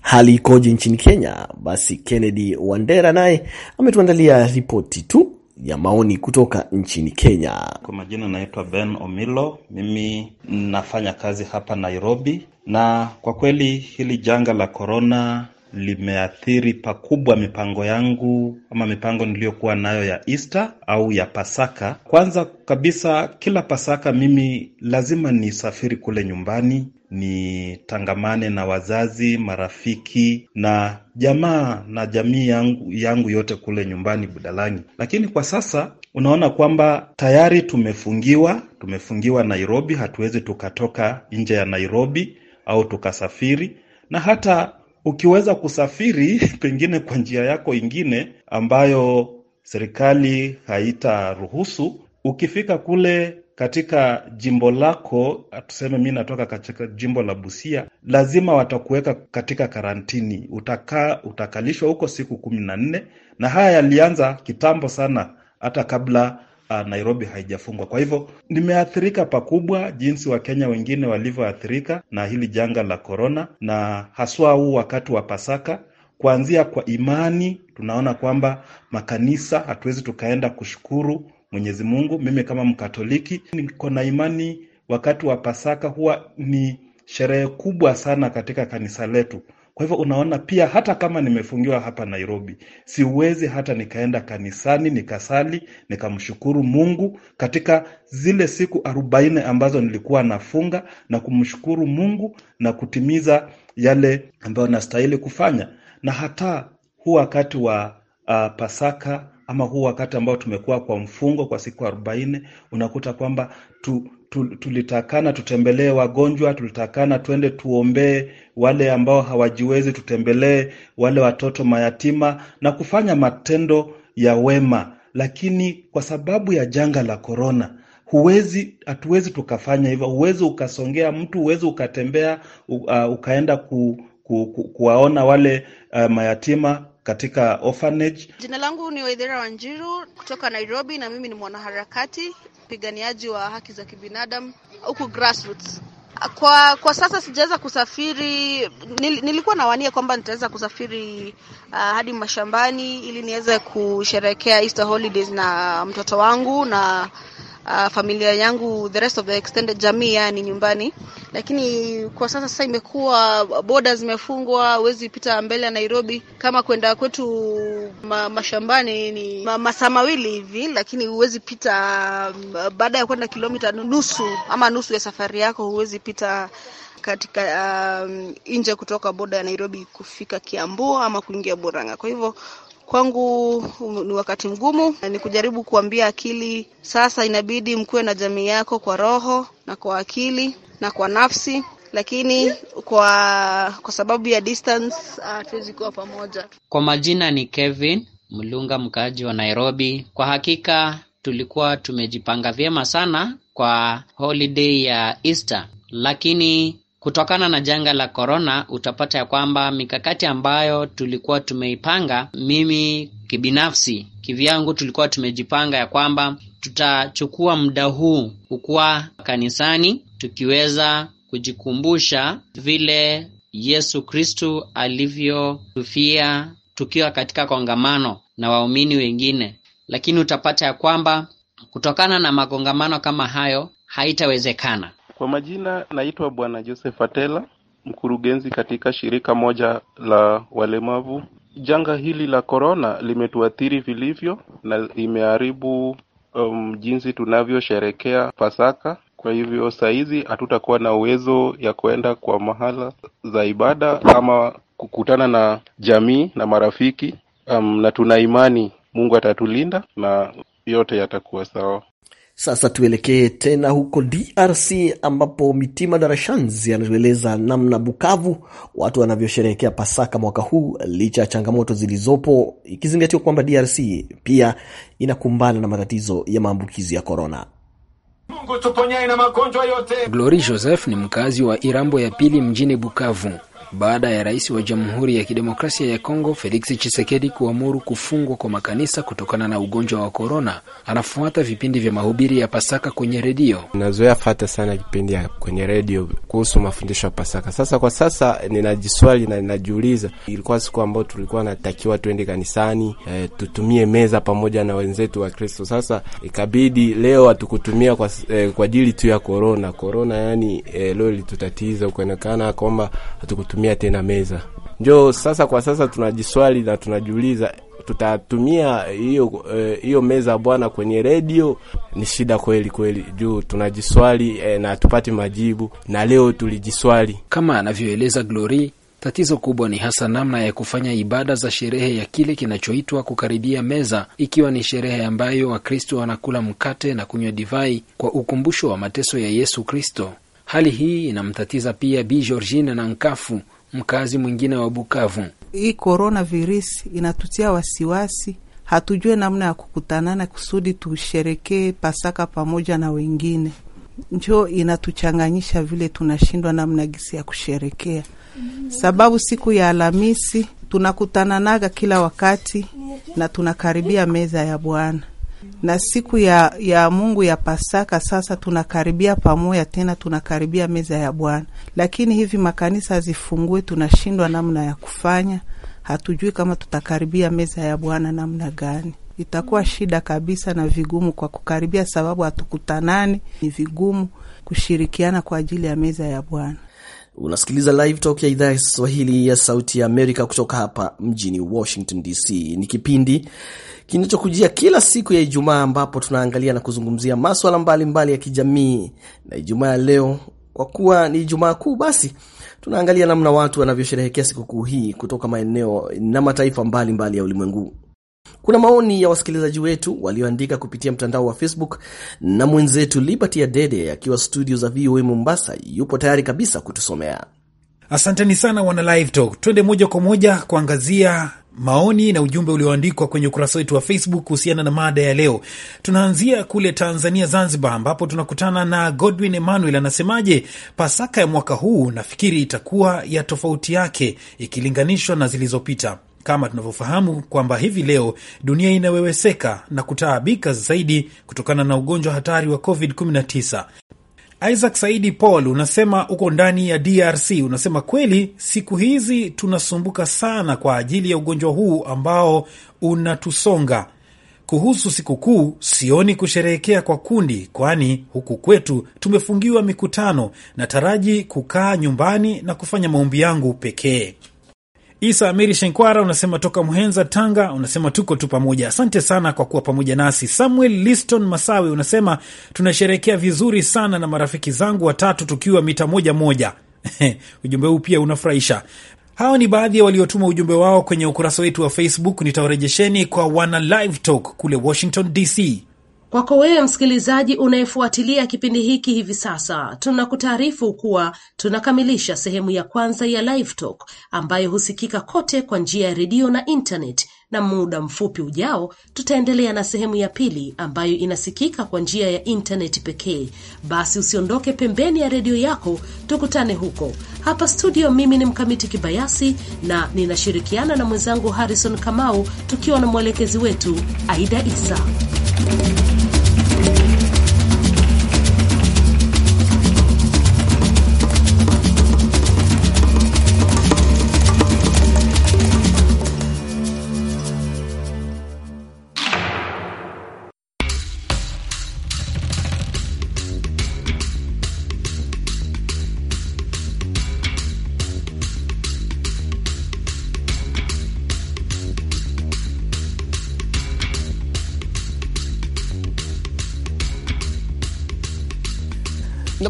Hali ikoje nchini Kenya? Basi Kennedy Wandera naye ametuandalia ripoti tu ya maoni kutoka nchini Kenya. Kwa majina naitwa Ben Omilo, mimi nafanya kazi hapa Nairobi na kwa kweli hili janga la korona limeathiri pakubwa mipango yangu ama mipango niliyokuwa nayo ya Easter au ya Pasaka. Kwanza kabisa, kila Pasaka mimi lazima nisafiri kule nyumbani nitangamane na wazazi, marafiki na jamaa na jamii yangu, yangu yote kule nyumbani Budalangi. Lakini kwa sasa unaona kwamba tayari tumefungiwa, tumefungiwa Nairobi, hatuwezi tukatoka nje ya Nairobi au tukasafiri, na hata ukiweza kusafiri *laughs* pengine kwa njia yako ingine ambayo serikali haitaruhusu, ukifika kule katika jimbo lako, tuseme mi natoka katika jimbo la Busia, lazima watakuweka katika karantini. Utakaa, utakalishwa huko siku kumi na nne, na haya yalianza kitambo sana, hata kabla Uh, Nairobi haijafungwa. Kwa hivyo nimeathirika pakubwa jinsi Wakenya wengine walivyoathirika na hili janga la korona, na haswa huu wakati wa Pasaka, kuanzia kwa imani. Tunaona kwamba makanisa hatuwezi tukaenda kushukuru Mwenyezi Mungu. Mimi kama Mkatoliki niko na imani, wakati wa Pasaka huwa ni sherehe kubwa sana katika kanisa letu. Kwa hivyo unaona, pia hata kama nimefungiwa hapa Nairobi, siwezi hata nikaenda kanisani nikasali nikamshukuru Mungu katika zile siku arobaini ambazo nilikuwa nafunga na kumshukuru Mungu na kutimiza yale ambayo nastahili kufanya. Na hata huu wakati wa uh, Pasaka ama huu wakati ambao tumekuwa kwa mfungo kwa siku arobaini unakuta kwamba tu tulitakana tutembelee wagonjwa, tulitakana twende tuombee wale ambao hawajiwezi, tutembelee wale watoto mayatima na kufanya matendo ya wema. Lakini kwa sababu ya janga la korona huwezi, hatuwezi tukafanya hivyo. Huwezi ukasongea mtu, huwezi ukatembea, uh, ukaenda ku, ku, ku, kuwaona wale uh, mayatima katika orphanage. Jina langu ni Waithera Wanjiru kutoka Nairobi, na mimi ni mwanaharakati mpiganiaji wa haki za kibinadamu huku grassroots. Kwa kwa sasa sijaweza kusafiri. Nil, nilikuwa nawania kwamba nitaweza kusafiri uh, hadi mashambani ili niweze kusherehekea Easter holidays na mtoto wangu na uh, familia yangu the rest of the extended jamii yani nyumbani, lakini kwa sasa sasa imekuwa boda zimefungwa, huwezi pita mbele ya Nairobi. Kama kwenda kwetu ma, mashambani ni ma, masaa mawili hivi, lakini huwezi pita mm, baada ya kwenda kilomita nusu ama nusu ya safari yako, huwezi pita katika um, nje kutoka boda ya Nairobi kufika Kiambu ama kuingia Buranga. Kwa hivyo Kwangu ni wakati mgumu, ni kujaribu kuambia akili sasa, inabidi mkuwe na jamii yako kwa roho na kwa akili na kwa nafsi, lakini kwa kwa sababu ya distance hatuwezi uh, kuwa pamoja. Kwa majina ni Kevin Mlunga, mkaaji wa Nairobi. Kwa hakika tulikuwa tumejipanga vyema sana kwa holiday ya Easter, lakini Kutokana na janga la korona, utapata ya kwamba mikakati ambayo tulikuwa tumeipanga, mimi kibinafsi kivyangu, tulikuwa tumejipanga ya kwamba tutachukua muda huu kukuwa kanisani, tukiweza kujikumbusha vile Yesu Kristu alivyotufia tukiwa katika kongamano na waumini wengine, lakini utapata ya kwamba kutokana na makongamano kama hayo haitawezekana. Kwa majina naitwa Bwana Joseph Atela, mkurugenzi katika shirika moja la walemavu. Janga hili la korona limetuathiri vilivyo na imeharibu um, jinsi tunavyosherekea Pasaka. Kwa hivyo sahizi hatutakuwa na uwezo ya kwenda kwa mahala za ibada ama kukutana na jamii na marafiki um, na tuna imani Mungu atatulinda na yote yatakuwa sawa. Sasa tuelekee tena huko DRC ambapo Mitima Darashanzi anatueleza namna Bukavu watu wanavyosherehekea Pasaka mwaka huu licha ya changamoto zilizopo, ikizingatiwa kwamba DRC pia inakumbana na matatizo ya maambukizi ya korona. Glory Joseph ni mkazi wa Irambo ya pili mjini Bukavu baada ya rais wa Jamhuri ya Kidemokrasia ya Kongo Felix Tshisekedi kuamuru kufungwa kwa makanisa kutokana na ugonjwa wa korona. Anafuata vipindi vya mahubiri ya Pasaka kwenye redio. Nazoea fata sana kipindi ya kwenye redio kuhusu mafundisho ya Pasaka. Sasa kwa sasa ninajiswali na ninajiuliza, ilikuwa siku ambayo tulikuwa natakiwa tuende kanisani, e, tutumie meza pamoja na wenzetu wa Kristo. Sasa ikabidi e, leo hatukutumia kwa e, kwa ajili tu ya korona. Korona yani e, leo ilitutatiza, kuonekana kwamba hatukutumia kutumia tena meza. Njo sasa kwa sasa tunajiswali na tunajiuliza tutatumia hiyo eh, hiyo meza bwana kwenye redio? Ni shida kweli kweli, juu tunajiswali e, na tupate majibu, na leo tulijiswali. Kama anavyoeleza Glory, tatizo kubwa ni hasa namna ya kufanya ibada za sherehe ya kile kinachoitwa kukaribia meza, ikiwa ni sherehe ambayo Wakristo wanakula mkate na kunywa divai kwa ukumbusho wa mateso ya Yesu Kristo. Hali hii inamtatiza pia Bi Georgine na Nkafu, mkazi mwingine wa Bukavu. Hii korona virusi inatutia wasiwasi, hatujue namna ya kukutanana kusudi tusherekee Pasaka pamoja na wengine, njo inatuchanganyisha vile tunashindwa namna gisi ya kusherekea, sababu siku ya Alhamisi tunakutananaga kila wakati na tunakaribia meza ya Bwana na siku ya, ya Mungu ya Pasaka. Sasa tunakaribia pamoja tena, tunakaribia meza ya Bwana, lakini hivi makanisa hazifungue, tunashindwa namna ya kufanya. Hatujui kama tutakaribia meza ya Bwana namna gani. Itakuwa shida kabisa na vigumu kwa kukaribia, sababu hatukutanani. Ni vigumu kushirikiana kwa ajili ya meza ya Bwana. Unasikiliza Live Talk ya idhaa ya Kiswahili ya Sauti ya Amerika kutoka hapa mjini Washington DC. Ni kipindi kinachokujia kila siku ya Ijumaa ambapo tunaangalia na kuzungumzia maswala mbalimbali ya kijamii, na Ijumaa ya leo kwa kuwa ni Ijumaa Kuu, basi tunaangalia namna watu wanavyosherehekea sikukuu hii kutoka maeneo na mataifa mbalimbali mbali ya ulimwengu. Kuna maoni ya wasikilizaji wetu walioandika kupitia mtandao wa Facebook, na mwenzetu Liberty Adede akiwa studio za VOA Mombasa yupo tayari kabisa kutusomea. Asanteni sana wana Live Talk, twende moja kwa moja kuangazia maoni na ujumbe ulioandikwa kwenye ukurasa wetu wa Facebook kuhusiana na mada ya leo. Tunaanzia kule Tanzania, Zanzibar, ambapo tunakutana na Godwin Emmanuel. Anasemaje, Pasaka ya mwaka huu nafikiri itakuwa ya tofauti yake ikilinganishwa na zilizopita kama tunavyofahamu kwamba hivi leo dunia inaweweseka na kutaabika zaidi kutokana na ugonjwa hatari wa COVID-19. Isaac Saidi Paul, unasema uko ndani ya DRC, unasema kweli, siku hizi tunasumbuka sana kwa ajili ya ugonjwa huu ambao unatusonga. Kuhusu sikukuu, sioni kusherehekea kwa kundi, kwani huku kwetu tumefungiwa mikutano na taraji kukaa nyumbani na kufanya maombi yangu pekee. Isa Amiri Shenkwara unasema toka mhenza Tanga, unasema tuko tu pamoja. Asante sana kwa kuwa pamoja nasi. Samuel Liston Masawe unasema tunasherekea vizuri sana na marafiki zangu watatu tukiwa mita moja moja. *laughs* Ujumbe huu pia unafurahisha. Hawa ni baadhi ya waliotuma ujumbe wao kwenye ukurasa wetu wa Facebook. Nitawarejesheni kwa wana Live Talk kule Washington DC. Kwako wewe msikilizaji unayefuatilia kipindi hiki hivi sasa, tunakutaarifu kuwa tunakamilisha sehemu ya kwanza ya Live Talk ambayo husikika kote kwa njia ya redio na intanet na muda mfupi ujao tutaendelea na sehemu ya pili ambayo inasikika kwa njia ya intanet pekee. Basi usiondoke pembeni ya redio yako, tukutane huko. Hapa studio, mimi ni Mkamiti Kibayasi na ninashirikiana na mwenzangu Harrison Kamau, tukiwa na mwelekezi wetu Aida Isa.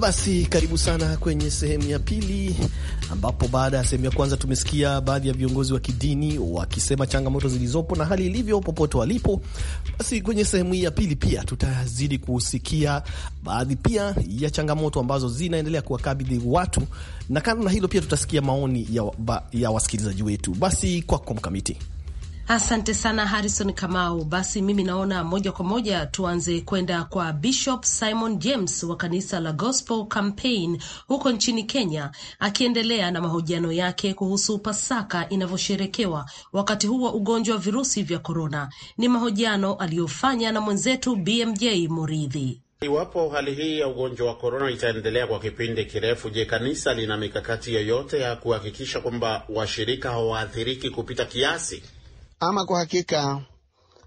basi karibu sana kwenye sehemu ya pili, ambapo baada ya sehemu ya kwanza tumesikia baadhi ya viongozi wa kidini wakisema changamoto zilizopo na hali ilivyo popote walipo. Basi kwenye sehemu hii ya pili pia tutazidi kusikia baadhi pia ya changamoto ambazo zinaendelea kuwakabidhi watu, na kando na hilo pia tutasikia maoni ya, ya wasikilizaji wetu. Basi kwako Mkamiti. Asante sana Harrison Kamau. Basi mimi naona moja kwa moja tuanze kwenda kwa Bishop Simon James wa kanisa la Gospel Campaign huko nchini Kenya, akiendelea na mahojiano yake kuhusu Pasaka inavyosherekewa wakati huu wa ugonjwa wa virusi vya korona. Ni mahojiano aliyofanya na mwenzetu BMJ Muridhi. Iwapo hali hii ya ugonjwa wa korona itaendelea kwa kipindi kirefu, je, kanisa lina mikakati yoyote ya kuhakikisha kwamba washirika hawaathiriki kupita kiasi? Ama kwa hakika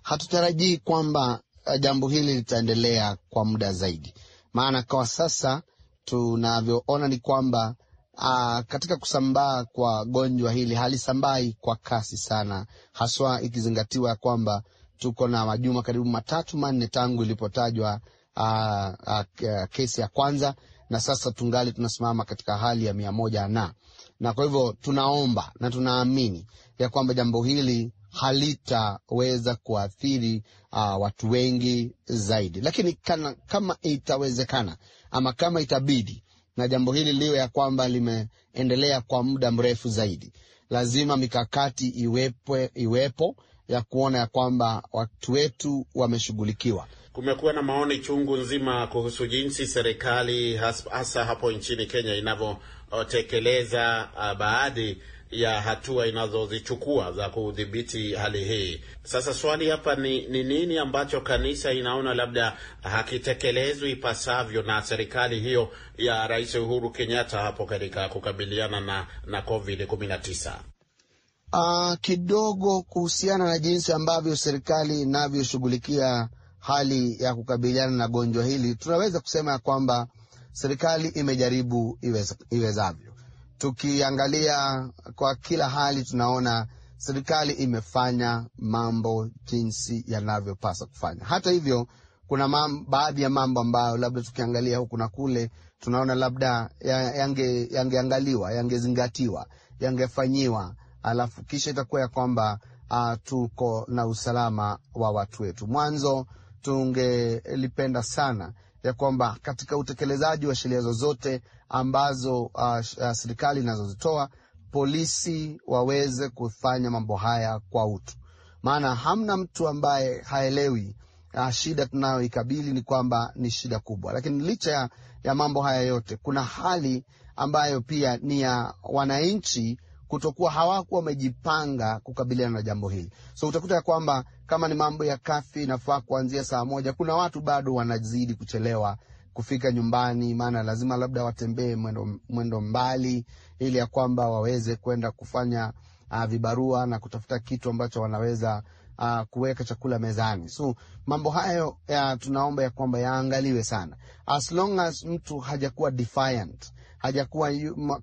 hatutarajii kwamba eh, jambo hili litaendelea kwa muda zaidi, maana kwa sasa tunavyoona ni kwamba aa, ah, katika kusambaa kwa gonjwa hili halisambai kwa kasi sana, haswa ikizingatiwa ya kwamba tuko na majuma karibu matatu manne tangu ilipotajwa ah, ah, kesi ya kwanza, na sasa tungali tunasimama katika hali ya mia moja na na kwa hivyo tunaomba na tunaamini ya kwamba jambo hili halitaweza kuathiri uh, watu wengi zaidi, lakini kana, kama itawezekana ama kama itabidi na jambo hili liwe ya kwamba limeendelea kwa muda mrefu zaidi, lazima mikakati iwepwe, iwepo ya kuona ya kwamba watu wetu wameshughulikiwa. Kumekuwa na maoni chungu nzima kuhusu jinsi serikali hasa hapo nchini Kenya inavyotekeleza ah, baadhi ya hatua inazozichukua za kudhibiti hali hii. Sasa swali hapa ni ni nini ambacho kanisa inaona labda hakitekelezwi ipasavyo na serikali hiyo ya Rais Uhuru Kenyatta hapo katika kukabiliana na, na Covid 19? Uh, ah, kidogo kuhusiana na jinsi ambavyo serikali inavyoshughulikia hali ya kukabiliana na gonjwa hili, tunaweza kusema ya kwamba serikali imejaribu iwezavyo tukiangalia kwa kila hali tunaona serikali imefanya mambo jinsi yanavyopaswa kufanya. Hata hivyo, kuna baadhi ya mambo ambayo labda tukiangalia huku na kule tunaona labda yangeangaliwa, yange yangezingatiwa, yangefanyiwa, alafu kisha itakuwa ya kwamba uh, tuko na usalama wa watu wetu. Mwanzo tungelipenda sana ya kwamba katika utekelezaji wa sheria zozote ambazo uh, uh, serikali inazozitoa polisi waweze kufanya mambo haya kwa utu, maana hamna mtu ambaye haelewi uh, shida tunayoikabili ni kwamba ni shida kubwa. Lakini licha ya, ya mambo haya yote, kuna hali ambayo pia ni ya wananchi kutokuwa hawakuwa wamejipanga kukabiliana na jambo hili. So utakuta ya kwamba kama ni mambo ya kafi inafaa kuanzia saa moja, kuna watu bado wanazidi kuchelewa kufika nyumbani, maana lazima labda watembee mwendo, mwendo mbali ili ya kwamba waweze kwenda kufanya uh, vibarua na kutafuta kitu ambacho wanaweza uh, kuweka chakula mezani. So mambo hayo ya, tunaomba ya kwamba yaangaliwe sana, as long as mtu hajakuwa defiant hajakuwa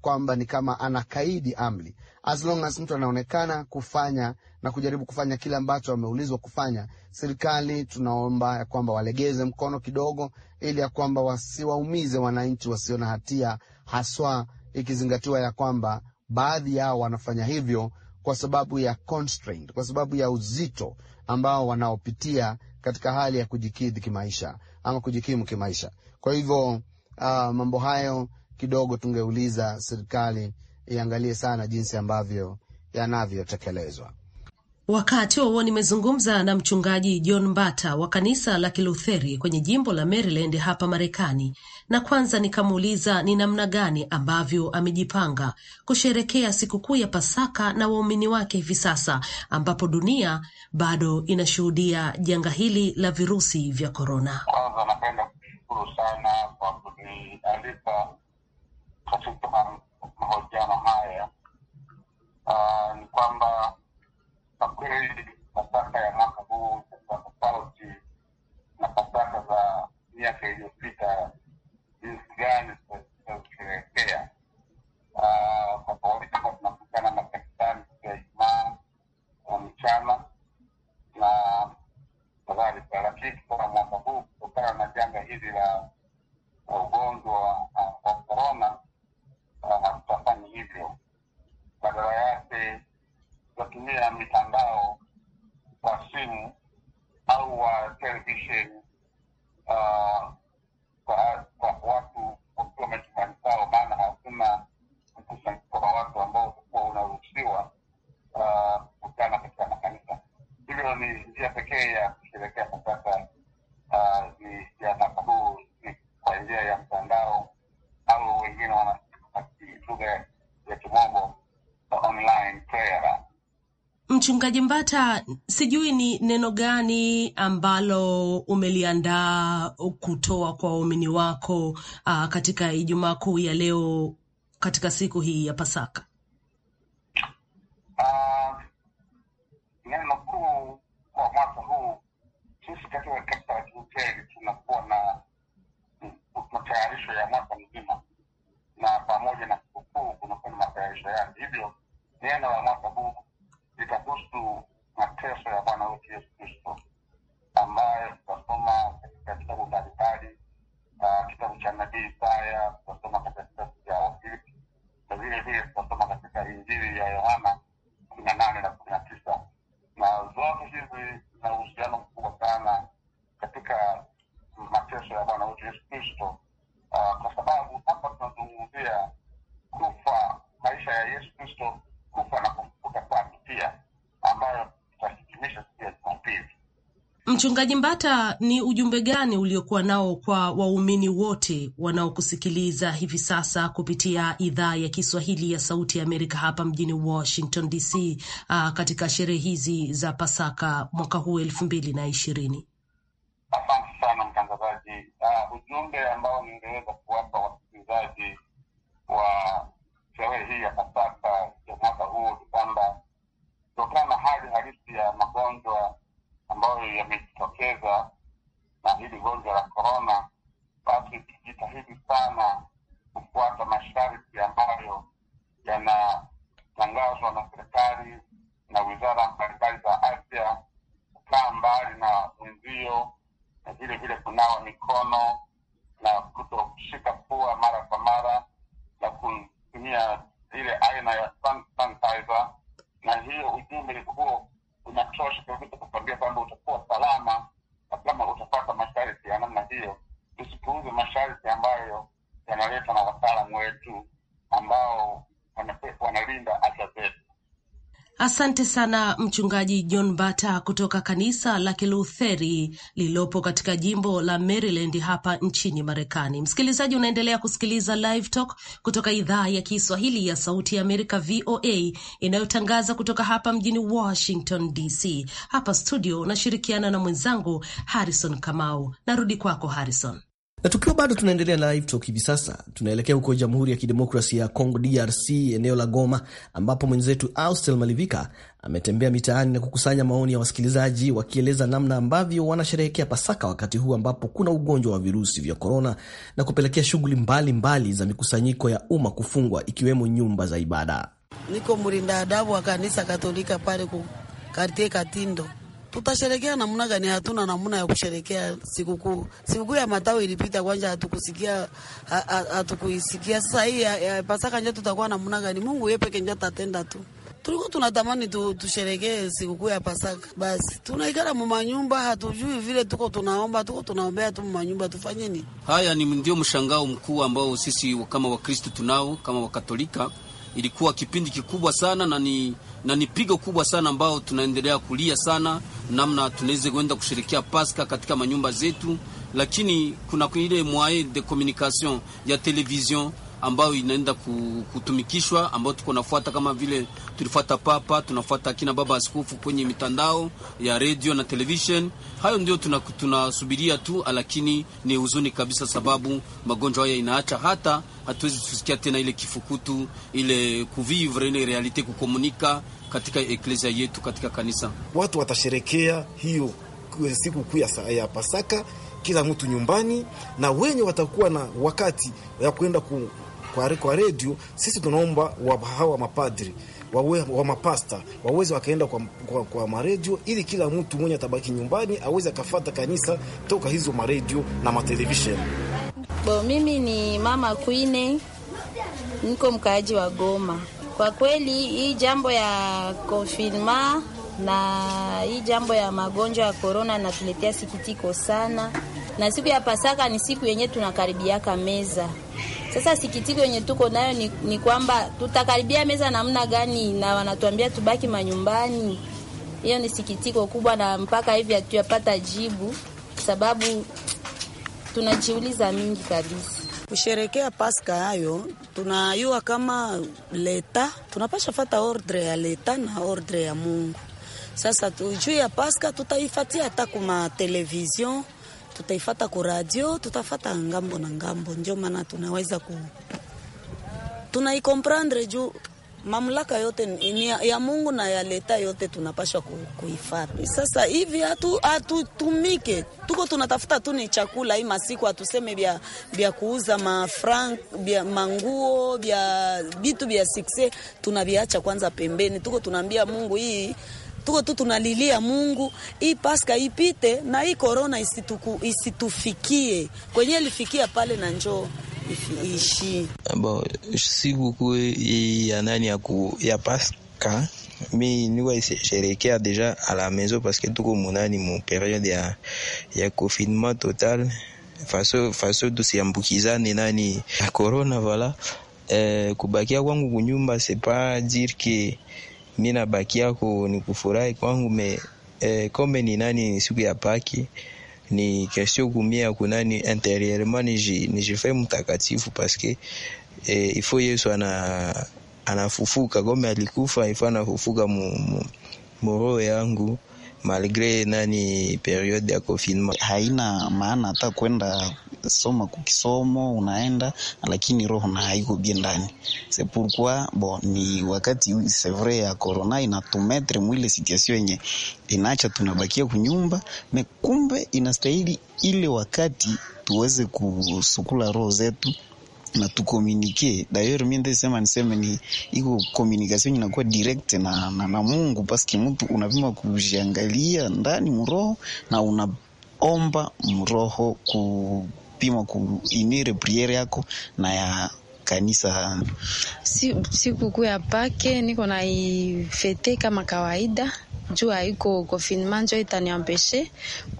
kwamba ni kama anakaidi amri. As long as mtu anaonekana kufanya na kujaribu kufanya kile ambacho ameulizwa kufanya, serikali tunaomba ya kwamba walegeze mkono kidogo, ili ya kwamba wasiwaumize wananchi wasio na hatia, haswa ikizingatiwa ya kwamba baadhi yao wanafanya hivyo kwa sababu ya constraint, kwa sababu ya uzito ambao wanaopitia katika hali ya kujikidhi kimaisha ama kujikimu kimaisha. Kwa hivyo uh, mambo hayo kidogo tungeuliza serikali iangalie sana jinsi ambavyo yanavyotekelezwa. Wakati huo nimezungumza na mchungaji John Mbata wa kanisa la Kilutheri kwenye jimbo la Maryland hapa Marekani, na kwanza nikamuuliza ni namna gani ambavyo amejipanga kusherekea sikukuu ya Pasaka na waumini wake hivi sasa ambapo dunia bado inashuhudia janga hili la virusi vya korona. Kwanza napenda kushukuru sana kwa kunialika katika mahojiano haya uh, ni kwamba kwa kweli Pasaka ya mwaka huu itakuwa tofauti na Pasaka za miaka iliyopita jinsi gani tutazisherehekea. Ah, kwa kawaida kwa tunakutana makanisani siku ya Ijumaa wa mchana na kadhalika, lakini kwa mwaka huu kutokana na janga hili la ugonjwa wa korona hatutafanyi hivyo, badala yake watumia mitandao wa simu au wa televisheni uh, kwa, kwa watu wakiwa majumbani kwao, maana hakuna mkusanyiko wa watu ambao utakuwa unaruhusiwa uh, kukutana katika makanisa. hivyo ni njia pekee ya Mchungaji Mbata, sijui ni neno gani ambalo umeliandaa kutoa kwa waumini wako uh, katika Ijumaa Kuu ya leo katika siku hii ya Pasaka. Mchungaji Mbata, ni ujumbe gani uliokuwa nao kwa waumini wote wanaokusikiliza hivi sasa kupitia idhaa ya Kiswahili ya Sauti ya Amerika hapa mjini Washington DC, uh, katika sherehe hizi za Pasaka mwaka huu elfu mbili na ishirini? yanatangazwa na serikali na wizara mbalimbali za afya, kukaa mbali na mwenzio, na vile vile kunawa mikono na kutoshika pua mara kwa mara na kutumia ile aina ya Asante sana Mchungaji John Bata kutoka kanisa la Kilutheri lililopo katika jimbo la Maryland hapa nchini Marekani. Msikilizaji, unaendelea kusikiliza Live Talk kutoka idhaa ya Kiswahili ya Sauti ya Amerika, VOA, inayotangaza kutoka hapa mjini Washington DC. Hapa studio unashirikiana na mwenzangu Harrison Kamau. Narudi kwako Harrison. Na tukiwa bado tunaendelea na live talk hivi sasa, tunaelekea huko Jamhuri ya Kidemokrasia ya Kongo, DRC, eneo la Goma, ambapo mwenzetu Austel Malivika ametembea mitaani na kukusanya maoni ya wasikilizaji wakieleza namna ambavyo wanasherehekea Pasaka wakati huu ambapo kuna ugonjwa wa virusi vya korona na kupelekea shughuli mbalimbali za mikusanyiko ya umma kufungwa ikiwemo nyumba za ibada. Niko mrinda adabu wa kanisa Katolika pale ku kartie Katindo tutasherekea namna gani? Hatuna namna ya kusherekea sikukuu. Sikukuu ya matawi ilipita kwanza, hatukusikia hatukuisikia. Sasa hii ya, ya Pasaka nje tutakuwa namna gani? Mungu yeye peke nje atatenda tu. Tulikuwa tunatamani tu, tusherekee sikukuu ya Pasaka, basi tunaikala manyumba, hatujui vile tuko tunaomba, tuko tunaombea tu mu manyumba, tufanye nini? Haya ni ndio mshangao mkuu ambao sisi kama Wakristo tunao kama Wakatolika ilikuwa kipindi kikubwa sana na ni, na ni pigo kubwa sana ambao tunaendelea kulia sana, namna tunaweza kuenda kushirikia Pasaka katika manyumba zetu, lakini kuna ile moyen de communication ya television ambayo inaenda kutumikishwa, ambayo tuko nafuata, kama vile tulifuata papa, tunafuata kina baba askofu kwenye mitandao ya redio na television. Hayo ndio tunasubiria tu, lakini ni huzuni kabisa, sababu magonjwa haya inaacha hata hatuwezi kusikia tena ile kifukutu ile kuvivre ile realite kukomunika katika eklesia yetu, katika kanisa. Watu watasherekea hiyo siku kuu ya Pasaka, kila mtu nyumbani, na wenye watakuwa na wakati ya kuenda ku kwa, kwa redio. Sisi tunaomba hawa mapadri wawe, wa mapasta waweze wakaenda kwa, kwa, kwa maredio ili kila mtu mwenye atabaki nyumbani aweze akafata kanisa toka hizo maredio na matelevisheni. Bo, mimi ni mama Kwine, niko mkaaji wa Goma. Kwa kweli hii jambo ya konfinma na hii jambo ya magonjwa ya korona natuletea sikitiko sana, na siku ya Pasaka ni siku yenye tunakaribiaka meza sasa sikitiko yenye tuko nayo ni, ni kwamba tutakaribia meza namna gani, na wanatuambia tubaki manyumbani. Hiyo ni sikitiko kubwa, na mpaka hivi hatuyapata jibu, sababu tunajiuliza mingi kabisa. Kusherekea Paska hayo tunayua kama leta tunapasha fata ordre ya leta na ordre ya Mungu. Sasa tujui ya Paska tutaifatia hata kuma televizion tutaifata ku radio, tutafata ngambo na ngambo, ndio maana tunaweza ku tunaikomprendre juu mamlaka yote ni ya Mungu na ya leta yote tunapashwa kuifata. Sasa hivi hatutumike hatu, tuko tunatafuta tu ni chakula hii masiku, hatuseme vya vya kuuza mafrank vya manguo vya vitu vya sikse, tunaviacha kwanza pembeni, tuko tunaambia Mungu hii tuko tu tunalilia Mungu hii Paska ipite na hii korona isituku, isitufikie kwenye ilifikia pale na njoo ishi bon, sikukuu ya nani ya, ku, ya Paska mi nikuwa isherekea deja a la maison parce tuko munani mu periode ya, ya confinement total faso, faso tusiambukizane nani ya korona vala. Eh, kubakia kwangu kunyumba sepa dire que mi nabaki yako ni kufurahi kwangu me eh, kombe ni nani siku ya paki ni kestio kumia kunani interieurement niji nijife mtakatifu paske eh, ifo Yesu ana anafufuka, kome alikufa ifo anafufuka mu, mu, mu roho yangu malgre nani periode ya confinement. Haina maana hata kwenda soma kukisomo unaenda, lakini roho na haiko bien ndani. C'est pourquoi bon, ni wakati c'est vrai ya corona inatumetre mwile situation yenye inacha tunabakia kunyumba me, kumbe inastahili ile wakati tuweze kusukula roho zetu na tukomunike d'ailleurs, mimi ndisema niseme ni iko communication inakuwa direct na, na, na Mungu, paski mtu unapima kujiangalia ndani mroho na unaomba mroho kupima kuinire priere yako na ya kanisa. Sikukuu si ya pake niko naifete kama kawaida juu haiko confinement njo itaniampeshe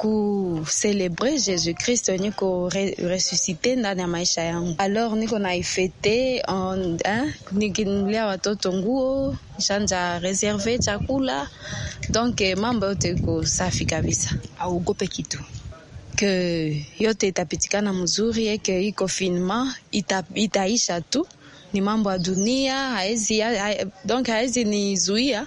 kucelebre Jésus Christ niko re, resusite ndani ya maisha yangu. Alors niko naifete nikinulia watoto nguo shanja reserve chakula, donc mambo yote iko safi kabisa, augope kitu ke yote itapitikana mzuri, eke iko finma ita, itaisha tu. Ni mambo ya dunia haezi, ha, donc haezi nizuia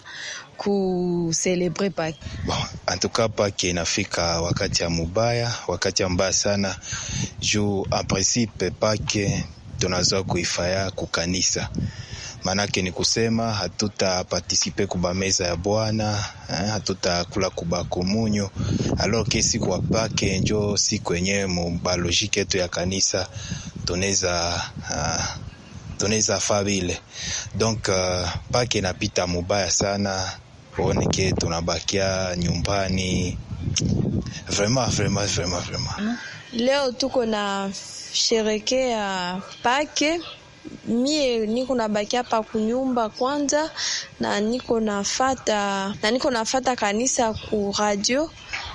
kuselebre Pake. Bon, antuka Pake inafika wakati ya mubaya, wakati ya mbaya sana juu apresipe Pake tunazoa kuifaya kukanisa Manake ni kusema hatuta partisipe kuba meza ya Bwana eh, hatuta kula kuba komunyo aloke ke siku Pake njo siku yenyewe mu balojike yetu ya kanisa tuneza uh, tuneza fa vile uh, Pake inapita mubaya sana waoneke tunabakia nyumbani vrema, vrema, vrema, vrema. Leo tuko na sherekea pake mie niko nabakia hapa kunyumba kwanza, na niko nafata na niko nafata kanisa ku radio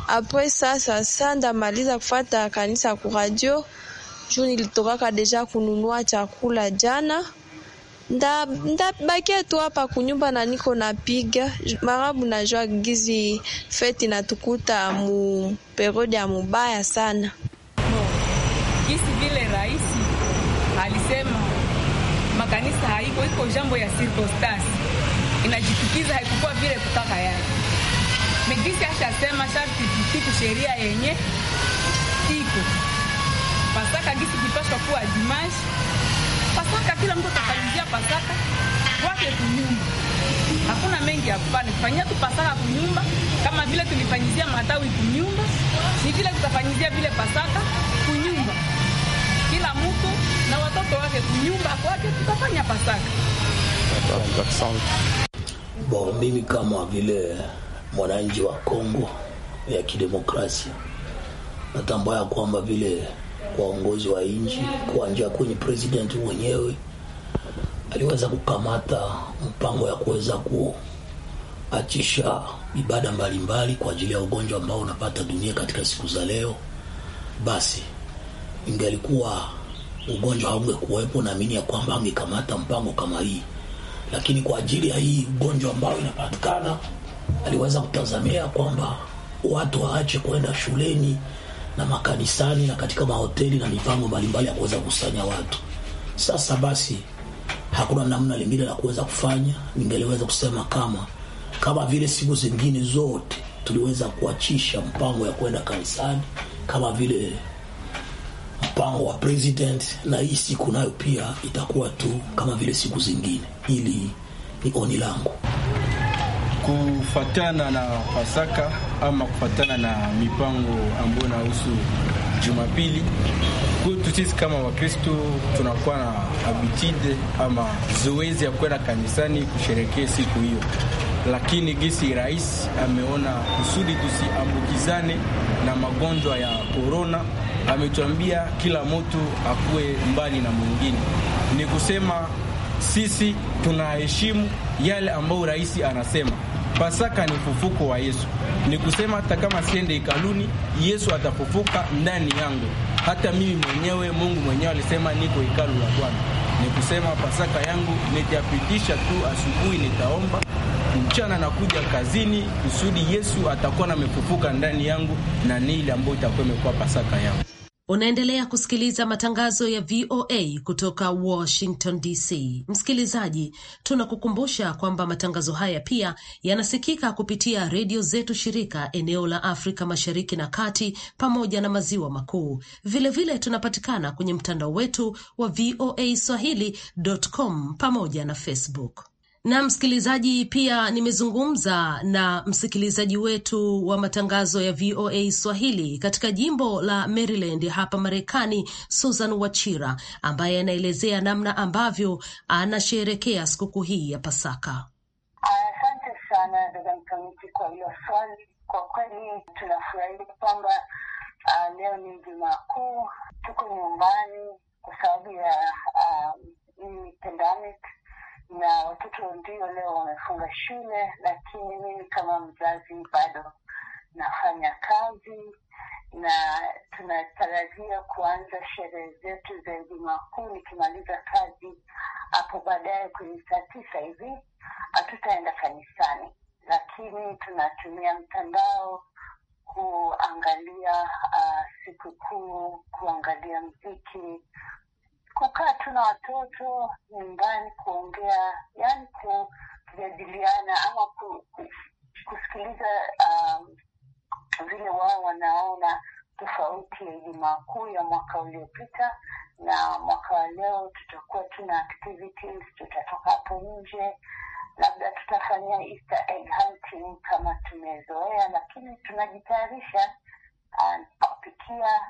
apres. Sasa sanda maliza kufata kanisa ku radio juu nilitokaka deja kununua chakula jana ndabakia tu hapa kunyumba na niko napiga marabu, na najua gizi feti tukuta mu periode ya mubaya sana no. Gisi vile rais alisema makanisa haiko iko jambo ya circumstance inajitukiza, haikukua vile kutaka yake migisi ashasema sharti tutiku sheria yenye iko pasaka gisi kipashwa kuwa dimashi Pasaka kila mtu atafanyizia Pasaka kwake kunyumba, hakuna mengi ya kufanya. tu Pasaka kunyumba, kama vile tulifanyizia matawi kunyumba, ni vile tutafanyizia vile Pasaka kunyumba, kila mtu na watoto wake kunyumba kwake, tutafanya Pasaka. Bon, mimi kama vile mwananchi wa Kongo ya Kidemokrasia natambua ya kwamba vile kwa uongozi wa nchi kuanzia kwenye president mwenyewe aliweza kukamata mpango ya kuweza kuachisha ibada mbalimbali mbali kwa ajili ya ugonjwa ambao unapata dunia katika siku za leo. Basi ingelikuwa ugonjwa haungekuwepo, naamini ya kwamba angekamata mpango kama hii, lakini kwa ajili ya hii ugonjwa ambao inapatikana, aliweza kutazamia kwamba watu waache kwenda shuleni na makanisani na katika mahoteli na mipango mbalimbali ya kuweza kukusanya watu. Sasa basi, hakuna namna lingine la kuweza kufanya. Ningeliweza kusema kama kama vile siku zingine zote tuliweza kuachisha mpango ya kwenda kanisani kama vile mpango wa president, na hii siku nayo pia itakuwa tu kama vile siku zingine. ili ni oni langu kufatana na Pasaka ama kufatana na mipango ambayo inahusu Jumapili kwetu sisi kama Wakristo tunakuwa na abitide ama zoezi ya kwenda kanisani kusherekea siku hiyo, lakini gisi rais ameona kusudi tusiambukizane na magonjwa ya korona, ametuambia kila mtu akuwe mbali na mwingine. Ni kusema sisi tunaheshimu yale ambayo rais anasema Pasaka ni fufuko wa Yesu, ni kusema hata kama siende ikaluni, Yesu atafufuka ndani yangu. Hata mimi mwenyewe, Mungu mwenyewe alisema niko ikalu la Bwana. Ni kusema pasaka yangu nitapitisha tu, asubuhi nitaomba, mchana nakuja kazini, kusudi Yesu atakuwa namefufuka ndani yangu, na ni ile ambayo itakuwa imekuwa pasaka yangu. Unaendelea kusikiliza matangazo ya VOA kutoka Washington DC. Msikilizaji, tunakukumbusha kwamba matangazo haya pia yanasikika kupitia redio zetu shirika eneo la Afrika Mashariki na Kati pamoja na Maziwa Makuu. Vilevile tunapatikana kwenye mtandao wetu wa VOA swahili.com pamoja na Facebook. Na msikilizaji, pia nimezungumza na msikilizaji wetu wa matangazo ya VOA Swahili katika jimbo la Maryland hapa Marekani, Susan Wachira, ambaye anaelezea namna ambavyo anasherekea sikukuu hii ya Pasaka. Asante uh, sana dada Mkamiti kwa hilo swali. Kwa kweli tunafurahia kwamba uh, leo ni Ijumaa Kuu, tuko nyumbani kwa sababu ya uh, pandemic na watoto ndio leo wamefunga shule, lakini mimi kama mzazi bado nafanya kazi na tunatarajia kuanza sherehe zetu za Ijumaa Kuu nikimaliza kazi hapo baadaye kwenye saa tisa hivi. Hatutaenda kanisani, lakini tunatumia mtandao kuangalia uh, ah, sikukuu, kuangalia mziki, kukaa tu na watoto nyumbani, kuongea, yani kujadiliana ama kusikiliza um, vile wao wanaona tofauti ya Ijumaa Kuu ya mwaka uliopita na mwaka wa leo. Tutakuwa tuna activities, tutatoka hapo nje, labda tutafanya Easter egg hunting kama tumezoea, lakini tunajitayarisha uh, kupikia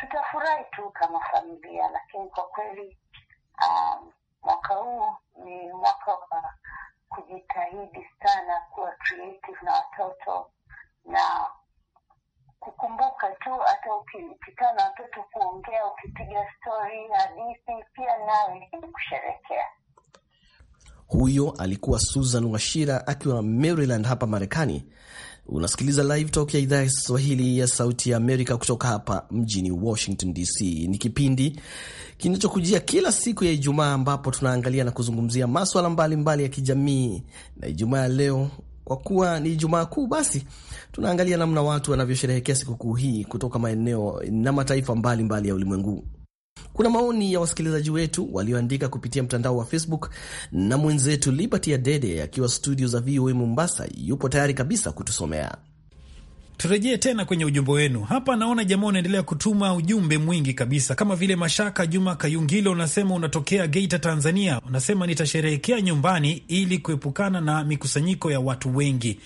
tutafurahi tu kama familia, lakini kwa kweli um, mwaka huu ni mwaka wa kujitahidi sana kuwa creative na watoto na kukumbuka tu, hata ukikaa na watoto kuongea, ukipiga stori, hadithi, pia nawe ili kusherekea. Huyo alikuwa Susan Washira akiwa Maryland hapa Marekani Unasikiliza Live Talk ya idhaa ya Kiswahili ya Sauti ya Amerika kutoka hapa mjini Washington DC. Ni kipindi kinachokujia kila siku ya Ijumaa ambapo tunaangalia na kuzungumzia maswala mbalimbali ya kijamii, na Ijumaa ya leo kwa kuwa ni Ijumaa Kuu, basi tunaangalia namna watu wanavyosherehekea sikukuu hii kutoka maeneo na mataifa mbalimbali mbali ya ulimwenguu kuna maoni ya wasikilizaji wetu walioandika kupitia mtandao wa Facebook, na mwenzetu Liberty Adede akiwa studio za VOA Mombasa yupo tayari kabisa kutusomea. Turejee tena kwenye ujumbe wenu hapa. Naona jamaa unaendelea kutuma ujumbe mwingi kabisa, kama vile Mashaka Juma Kayungilo, unasema unatokea Geita, Tanzania. Unasema nitasherehekea nyumbani ili kuepukana na mikusanyiko ya watu wengi.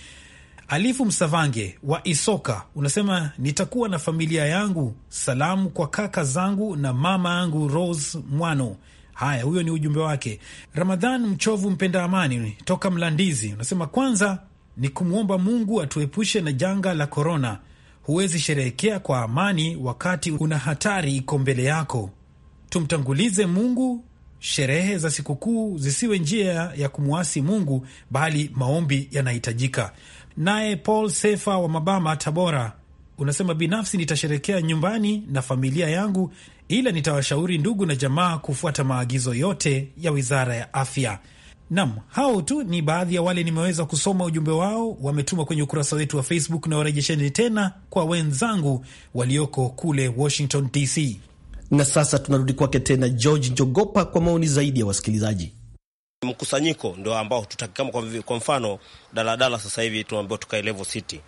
Alifu Msavange wa Isoka unasema nitakuwa na familia yangu, salamu kwa kaka zangu na mama yangu Rose Mwano. Haya, huyo ni ujumbe wake. Ramadhan Mchovu mpenda amani toka Mlandizi unasema kwanza ni kumwomba Mungu atuepushe na janga la korona. Huwezi sherehekea kwa amani wakati una hatari iko mbele yako. Tumtangulize Mungu, sherehe za sikukuu zisiwe njia ya kumwasi Mungu, bali maombi yanahitajika. Naye Paul Sefa wa Mabama, Tabora, unasema binafsi nitasherekea nyumbani na familia yangu, ila nitawashauri ndugu na jamaa kufuata maagizo yote ya wizara ya afya. Nam, hao tu ni baadhi ya wale nimeweza kusoma ujumbe wao, wametuma kwenye ukurasa wetu wa Facebook na warejesheni tena kwa wenzangu walioko kule Washington DC. Na sasa tunarudi kwake tena George Njogopa kwa maoni zaidi ya wasikilizaji mkusanyiko ndio ambao tutaki kama kwa mfano daladala sasa hivi tunaambiwa tukae level city,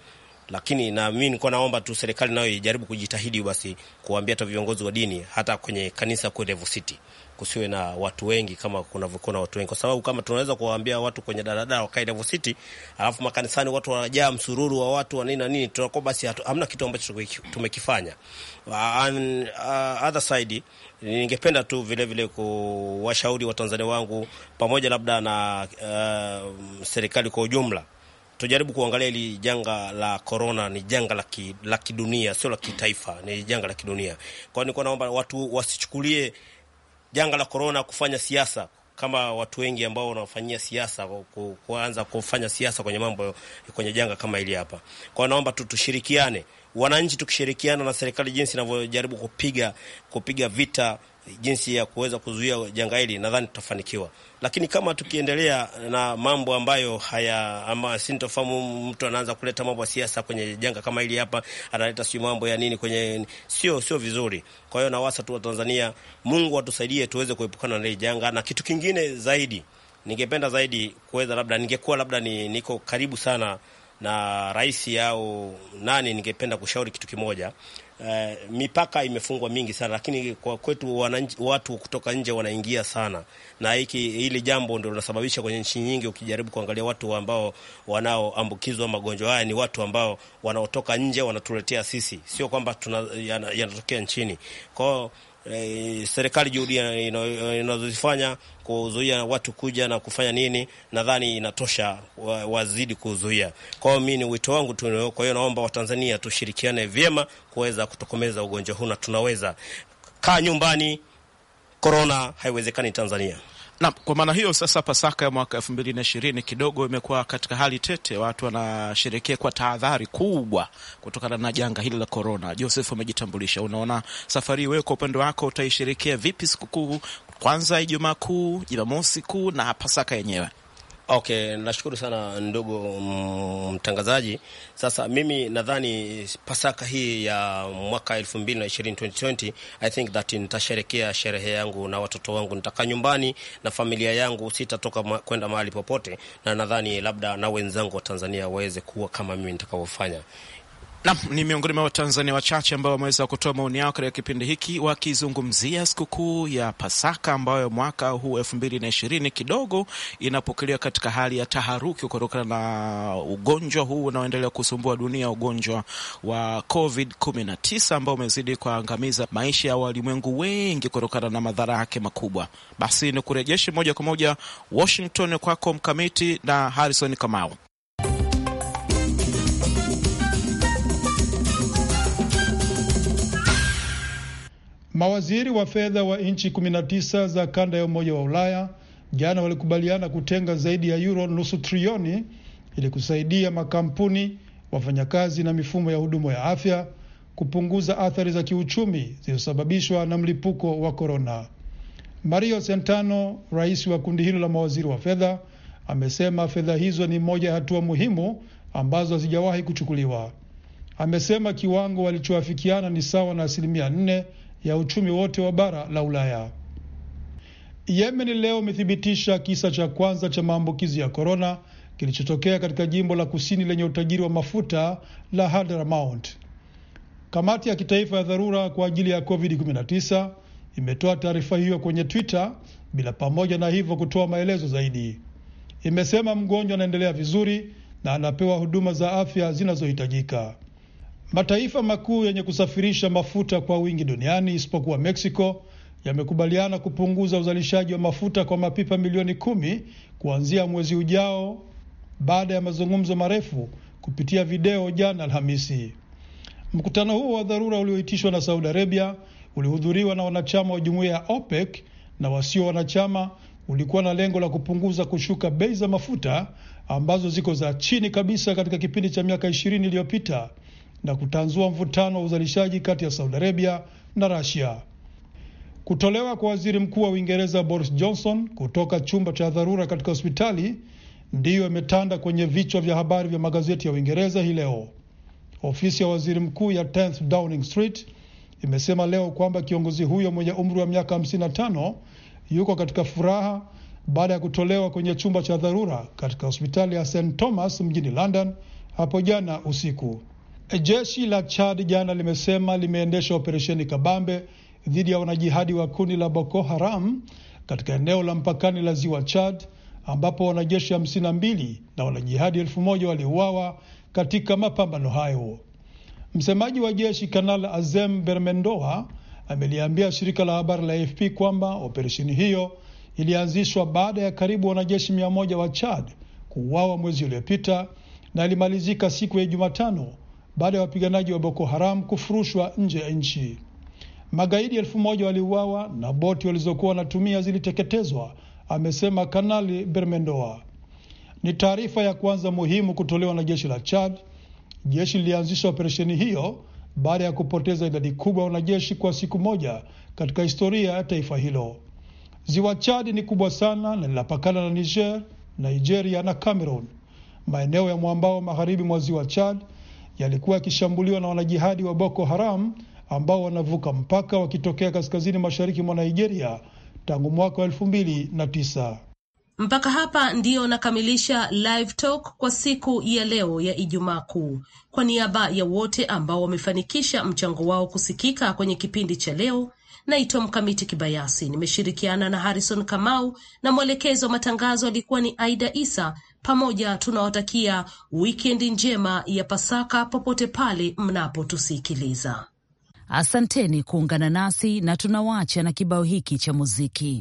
lakini na mimi nilikuwa naomba tu serikali nayo ijaribu kujitahidi basi kuambia hata viongozi wa dini hata kwenye kanisa kwa level city kusiwe na watu wengi kama kunavyokuwa na watu wengi, kwa sababu kama tunaweza kuwaambia watu kwenye daladala wakae Davos City, alafu makanisani watu wanajaa msururu wa watu wa nini na nini, tunakuwa basi hamna kitu ambacho tumekifanya. On uh, uh, other side, ningependa tu vilevile kuwashauri Watanzania wangu pamoja labda na uh, serikali kwa ujumla tujaribu kuangalia hili janga la korona ni janga la, ki, la kidunia sio la kitaifa, ni janga la kidunia. Kwa hiyo nilikuwa naomba watu wasichukulie janga la korona kufanya siasa kama watu wengi ambao wanafanyia siasa kuanza kufanya siasa kwenye mambo kwenye janga kama hili hapa. Kwa naomba tu tushirikiane, wananchi, tukishirikiana na serikali jinsi inavyojaribu kupiga kupiga vita jinsi ya kuweza kuzuia janga hili, nadhani tutafanikiwa lakini kama tukiendelea na mambo ambayo haya ama sintofahamu, mtu anaanza kuleta mambo ya siasa kwenye janga kama hili hapa, analeta si mambo ya nini kwenye, sio sio vizuri. Kwa hiyo nawasa tu Watanzania, Mungu atusaidie tuweze kuepukana na hili janga, na kitu kingine zaidi ningependa zaidi kuweza labda, ningekuwa labda ni, niko karibu sana na rais au nani, ningependa kushauri kitu kimoja. Eh, mipaka imefungwa mingi sana, lakini kwa kwetu wananchi, watu kutoka nje wanaingia sana, na hiki hili jambo ndio linasababisha kwenye nchi nyingi, ukijaribu kuangalia watu ambao wanaoambukizwa magonjwa haya ni watu ambao wanaotoka nje wanatuletea sisi, sio kwamba yanatokea yana nchini kwao eh, serikali juhudi inazozifanya kuzuia watu kuja na kufanya nini, nadhani inatosha, wa, wazidi kuzuia. Kwa hiyo mimi ni wito wangu tu. Kwa hiyo naomba Watanzania tushirikiane vyema kuweza kutokomeza ugonjwa huu, na tunaweza. Kaa nyumbani, korona haiwezekani Tanzania. Naam, kwa maana hiyo sasa Pasaka ya mwaka elfu mbili na ishirini kidogo imekuwa katika hali tete, watu wanasherekea kwa tahadhari kubwa kutokana na janga hili la korona. Joseph amejitambulisha, unaona safari wewe kwa upande wako utaisherekea vipi sikukuu kwanza, Ijumaa Kuu, Jumamosi Kuu na Pasaka yenyewe? Okay, nashukuru sana ndugu mtangazaji. Sasa mimi nadhani Pasaka hii ya mwaka 2020 2020, I think that nitasherekea sherehe yangu na watoto wangu, nitakaa nyumbani na familia yangu, sitatoka ma, kwenda mahali popote, na nadhani labda na wenzangu wa Tanzania waweze kuwa kama mimi nitakavyofanya. Nam ni miongoni mwa Watanzania wachache ambao wameweza kutoa maoni yao katika kipindi hiki wakizungumzia sikukuu ya Pasaka ambayo mwaka huu elfu mbili na ishirini kidogo inapokelewa katika hali ya taharuki kutokana na ugonjwa huu unaoendelea kusumbua dunia, ugonjwa wa COVID 19 ambao umezidi kuangamiza maisha ya walimwengu wengi kutokana na madhara yake makubwa. Basi ni kurejeshi moja kwa moja Washington kwako Mkamiti na Harrison Kamau. Mawaziri wa fedha wa nchi 19 za kanda ya Umoja wa Ulaya jana walikubaliana kutenga zaidi ya euro nusu trilioni ili kusaidia makampuni, wafanyakazi na mifumo ya huduma ya afya kupunguza athari za kiuchumi zilizosababishwa na mlipuko wa korona. Mario Centano, rais wa kundi hilo la mawaziri wa fedha, amesema fedha hizo ni moja ya hatua muhimu ambazo hazijawahi kuchukuliwa. Amesema kiwango walichoafikiana ni sawa na asilimia nne ya uchumi wote wa bara la Ulaya. Yemen leo imethibitisha kisa cha kwanza cha maambukizi ya korona kilichotokea katika jimbo la kusini lenye utajiri wa mafuta la Hadramaut. Kamati ya kitaifa ya dharura kwa ajili ya COVID-19 imetoa taarifa hiyo kwenye Twitter bila pamoja na hivyo kutoa maelezo zaidi. Imesema mgonjwa anaendelea vizuri na anapewa huduma za afya zinazohitajika. Mataifa makuu yenye kusafirisha mafuta kwa wingi duniani isipokuwa Meksiko yamekubaliana kupunguza uzalishaji wa mafuta kwa mapipa milioni kumi kuanzia mwezi ujao baada ya mazungumzo marefu kupitia video jana Alhamisi. Mkutano huo wa dharura ulioitishwa na Saudi Arabia ulihudhuriwa na wanachama wa jumuiya ya OPEC na wasio wanachama, ulikuwa na lengo la kupunguza kushuka bei za mafuta ambazo ziko za chini kabisa katika kipindi cha miaka ishirini iliyopita na kutanzua mvutano wa uzalishaji kati ya Saudi Arabia na Rasia. Kutolewa kwa waziri mkuu wa Uingereza Boris Johnson kutoka chumba cha dharura katika hospitali ndiyo imetanda kwenye vichwa vya habari vya magazeti ya Uingereza hii leo. Ofisi ya waziri mkuu ya 10 Downing Street imesema leo kwamba kiongozi huyo mwenye umri wa miaka 55 yuko katika furaha baada ya kutolewa kwenye chumba cha dharura katika hospitali ya St Thomas mjini London hapo jana usiku. E, jeshi la Chad jana limesema limeendesha operesheni kabambe dhidi ya wanajihadi wa kundi la Boko Haram katika eneo la mpakani la ziwa Chad ambapo wanajeshi hamsini na mbili na wanajihadi elfu moja waliuawa katika mapambano hayo. Msemaji wa jeshi Kanal Azem Bermendoa ameliambia shirika la habari la AFP kwamba operesheni hiyo ilianzishwa baada ya karibu wanajeshi mia moja wa Chad kuuawa mwezi uliopita na ilimalizika siku ya Jumatano baada ya wapiganaji wa Boko Haram kufurushwa nje ya nchi. Magaidi elfu moja waliuawa na boti walizokuwa wanatumia ziliteketezwa, amesema Kanali Bermendoa. Ni taarifa ya kwanza muhimu kutolewa na jeshi la Chad. Jeshi lilianzisha operesheni hiyo baada ya kupoteza idadi kubwa ya wanajeshi kwa siku moja katika historia ya taifa hilo. Ziwa Chad ni kubwa sana na linapakana na Niger, Nigeria na Cameroon. Maeneo ya mwambao magharibi mwa ziwa Chad yalikuwa yakishambuliwa na wanajihadi wa Boko Haram ambao wanavuka mpaka wakitokea kaskazini mashariki mwa Nigeria tangu mwaka wa elfu mbili na tisa. Mpaka hapa ndiyo nakamilisha live talk kwa siku ya leo ya Ijumaa Kuu. Kwa niaba ya wote ambao wamefanikisha mchango wao kusikika kwenye kipindi cha leo, naitwa Mkamiti Kibayasi, nimeshirikiana na Harrison Kamau na mwelekezo wa matangazo alikuwa ni Aida Isa. Pamoja tunawatakia wikendi njema ya Pasaka popote pale mnapotusikiliza. Asanteni kuungana nasi na tunawaacha na kibao hiki cha muziki.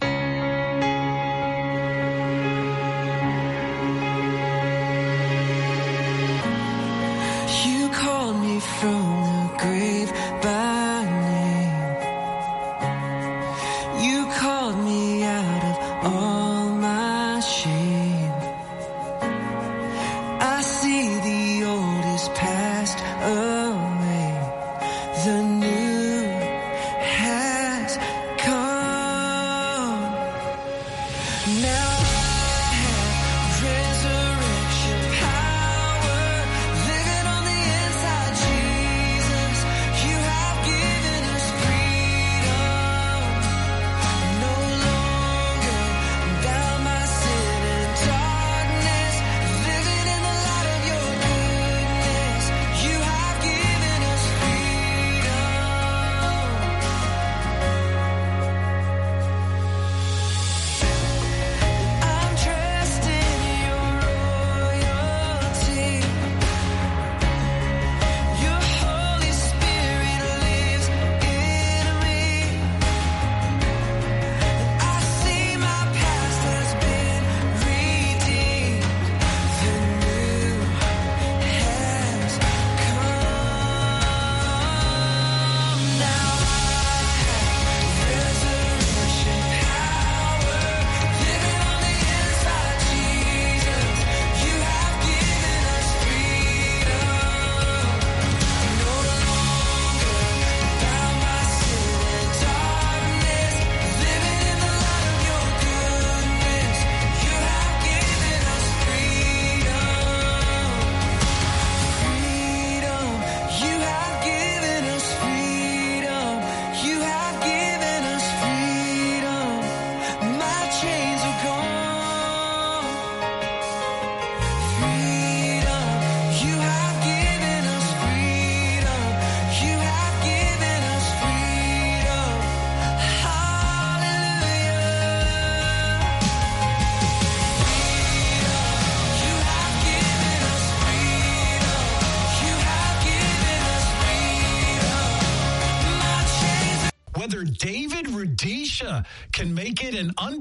whether David Rudisha can make it an unprecedented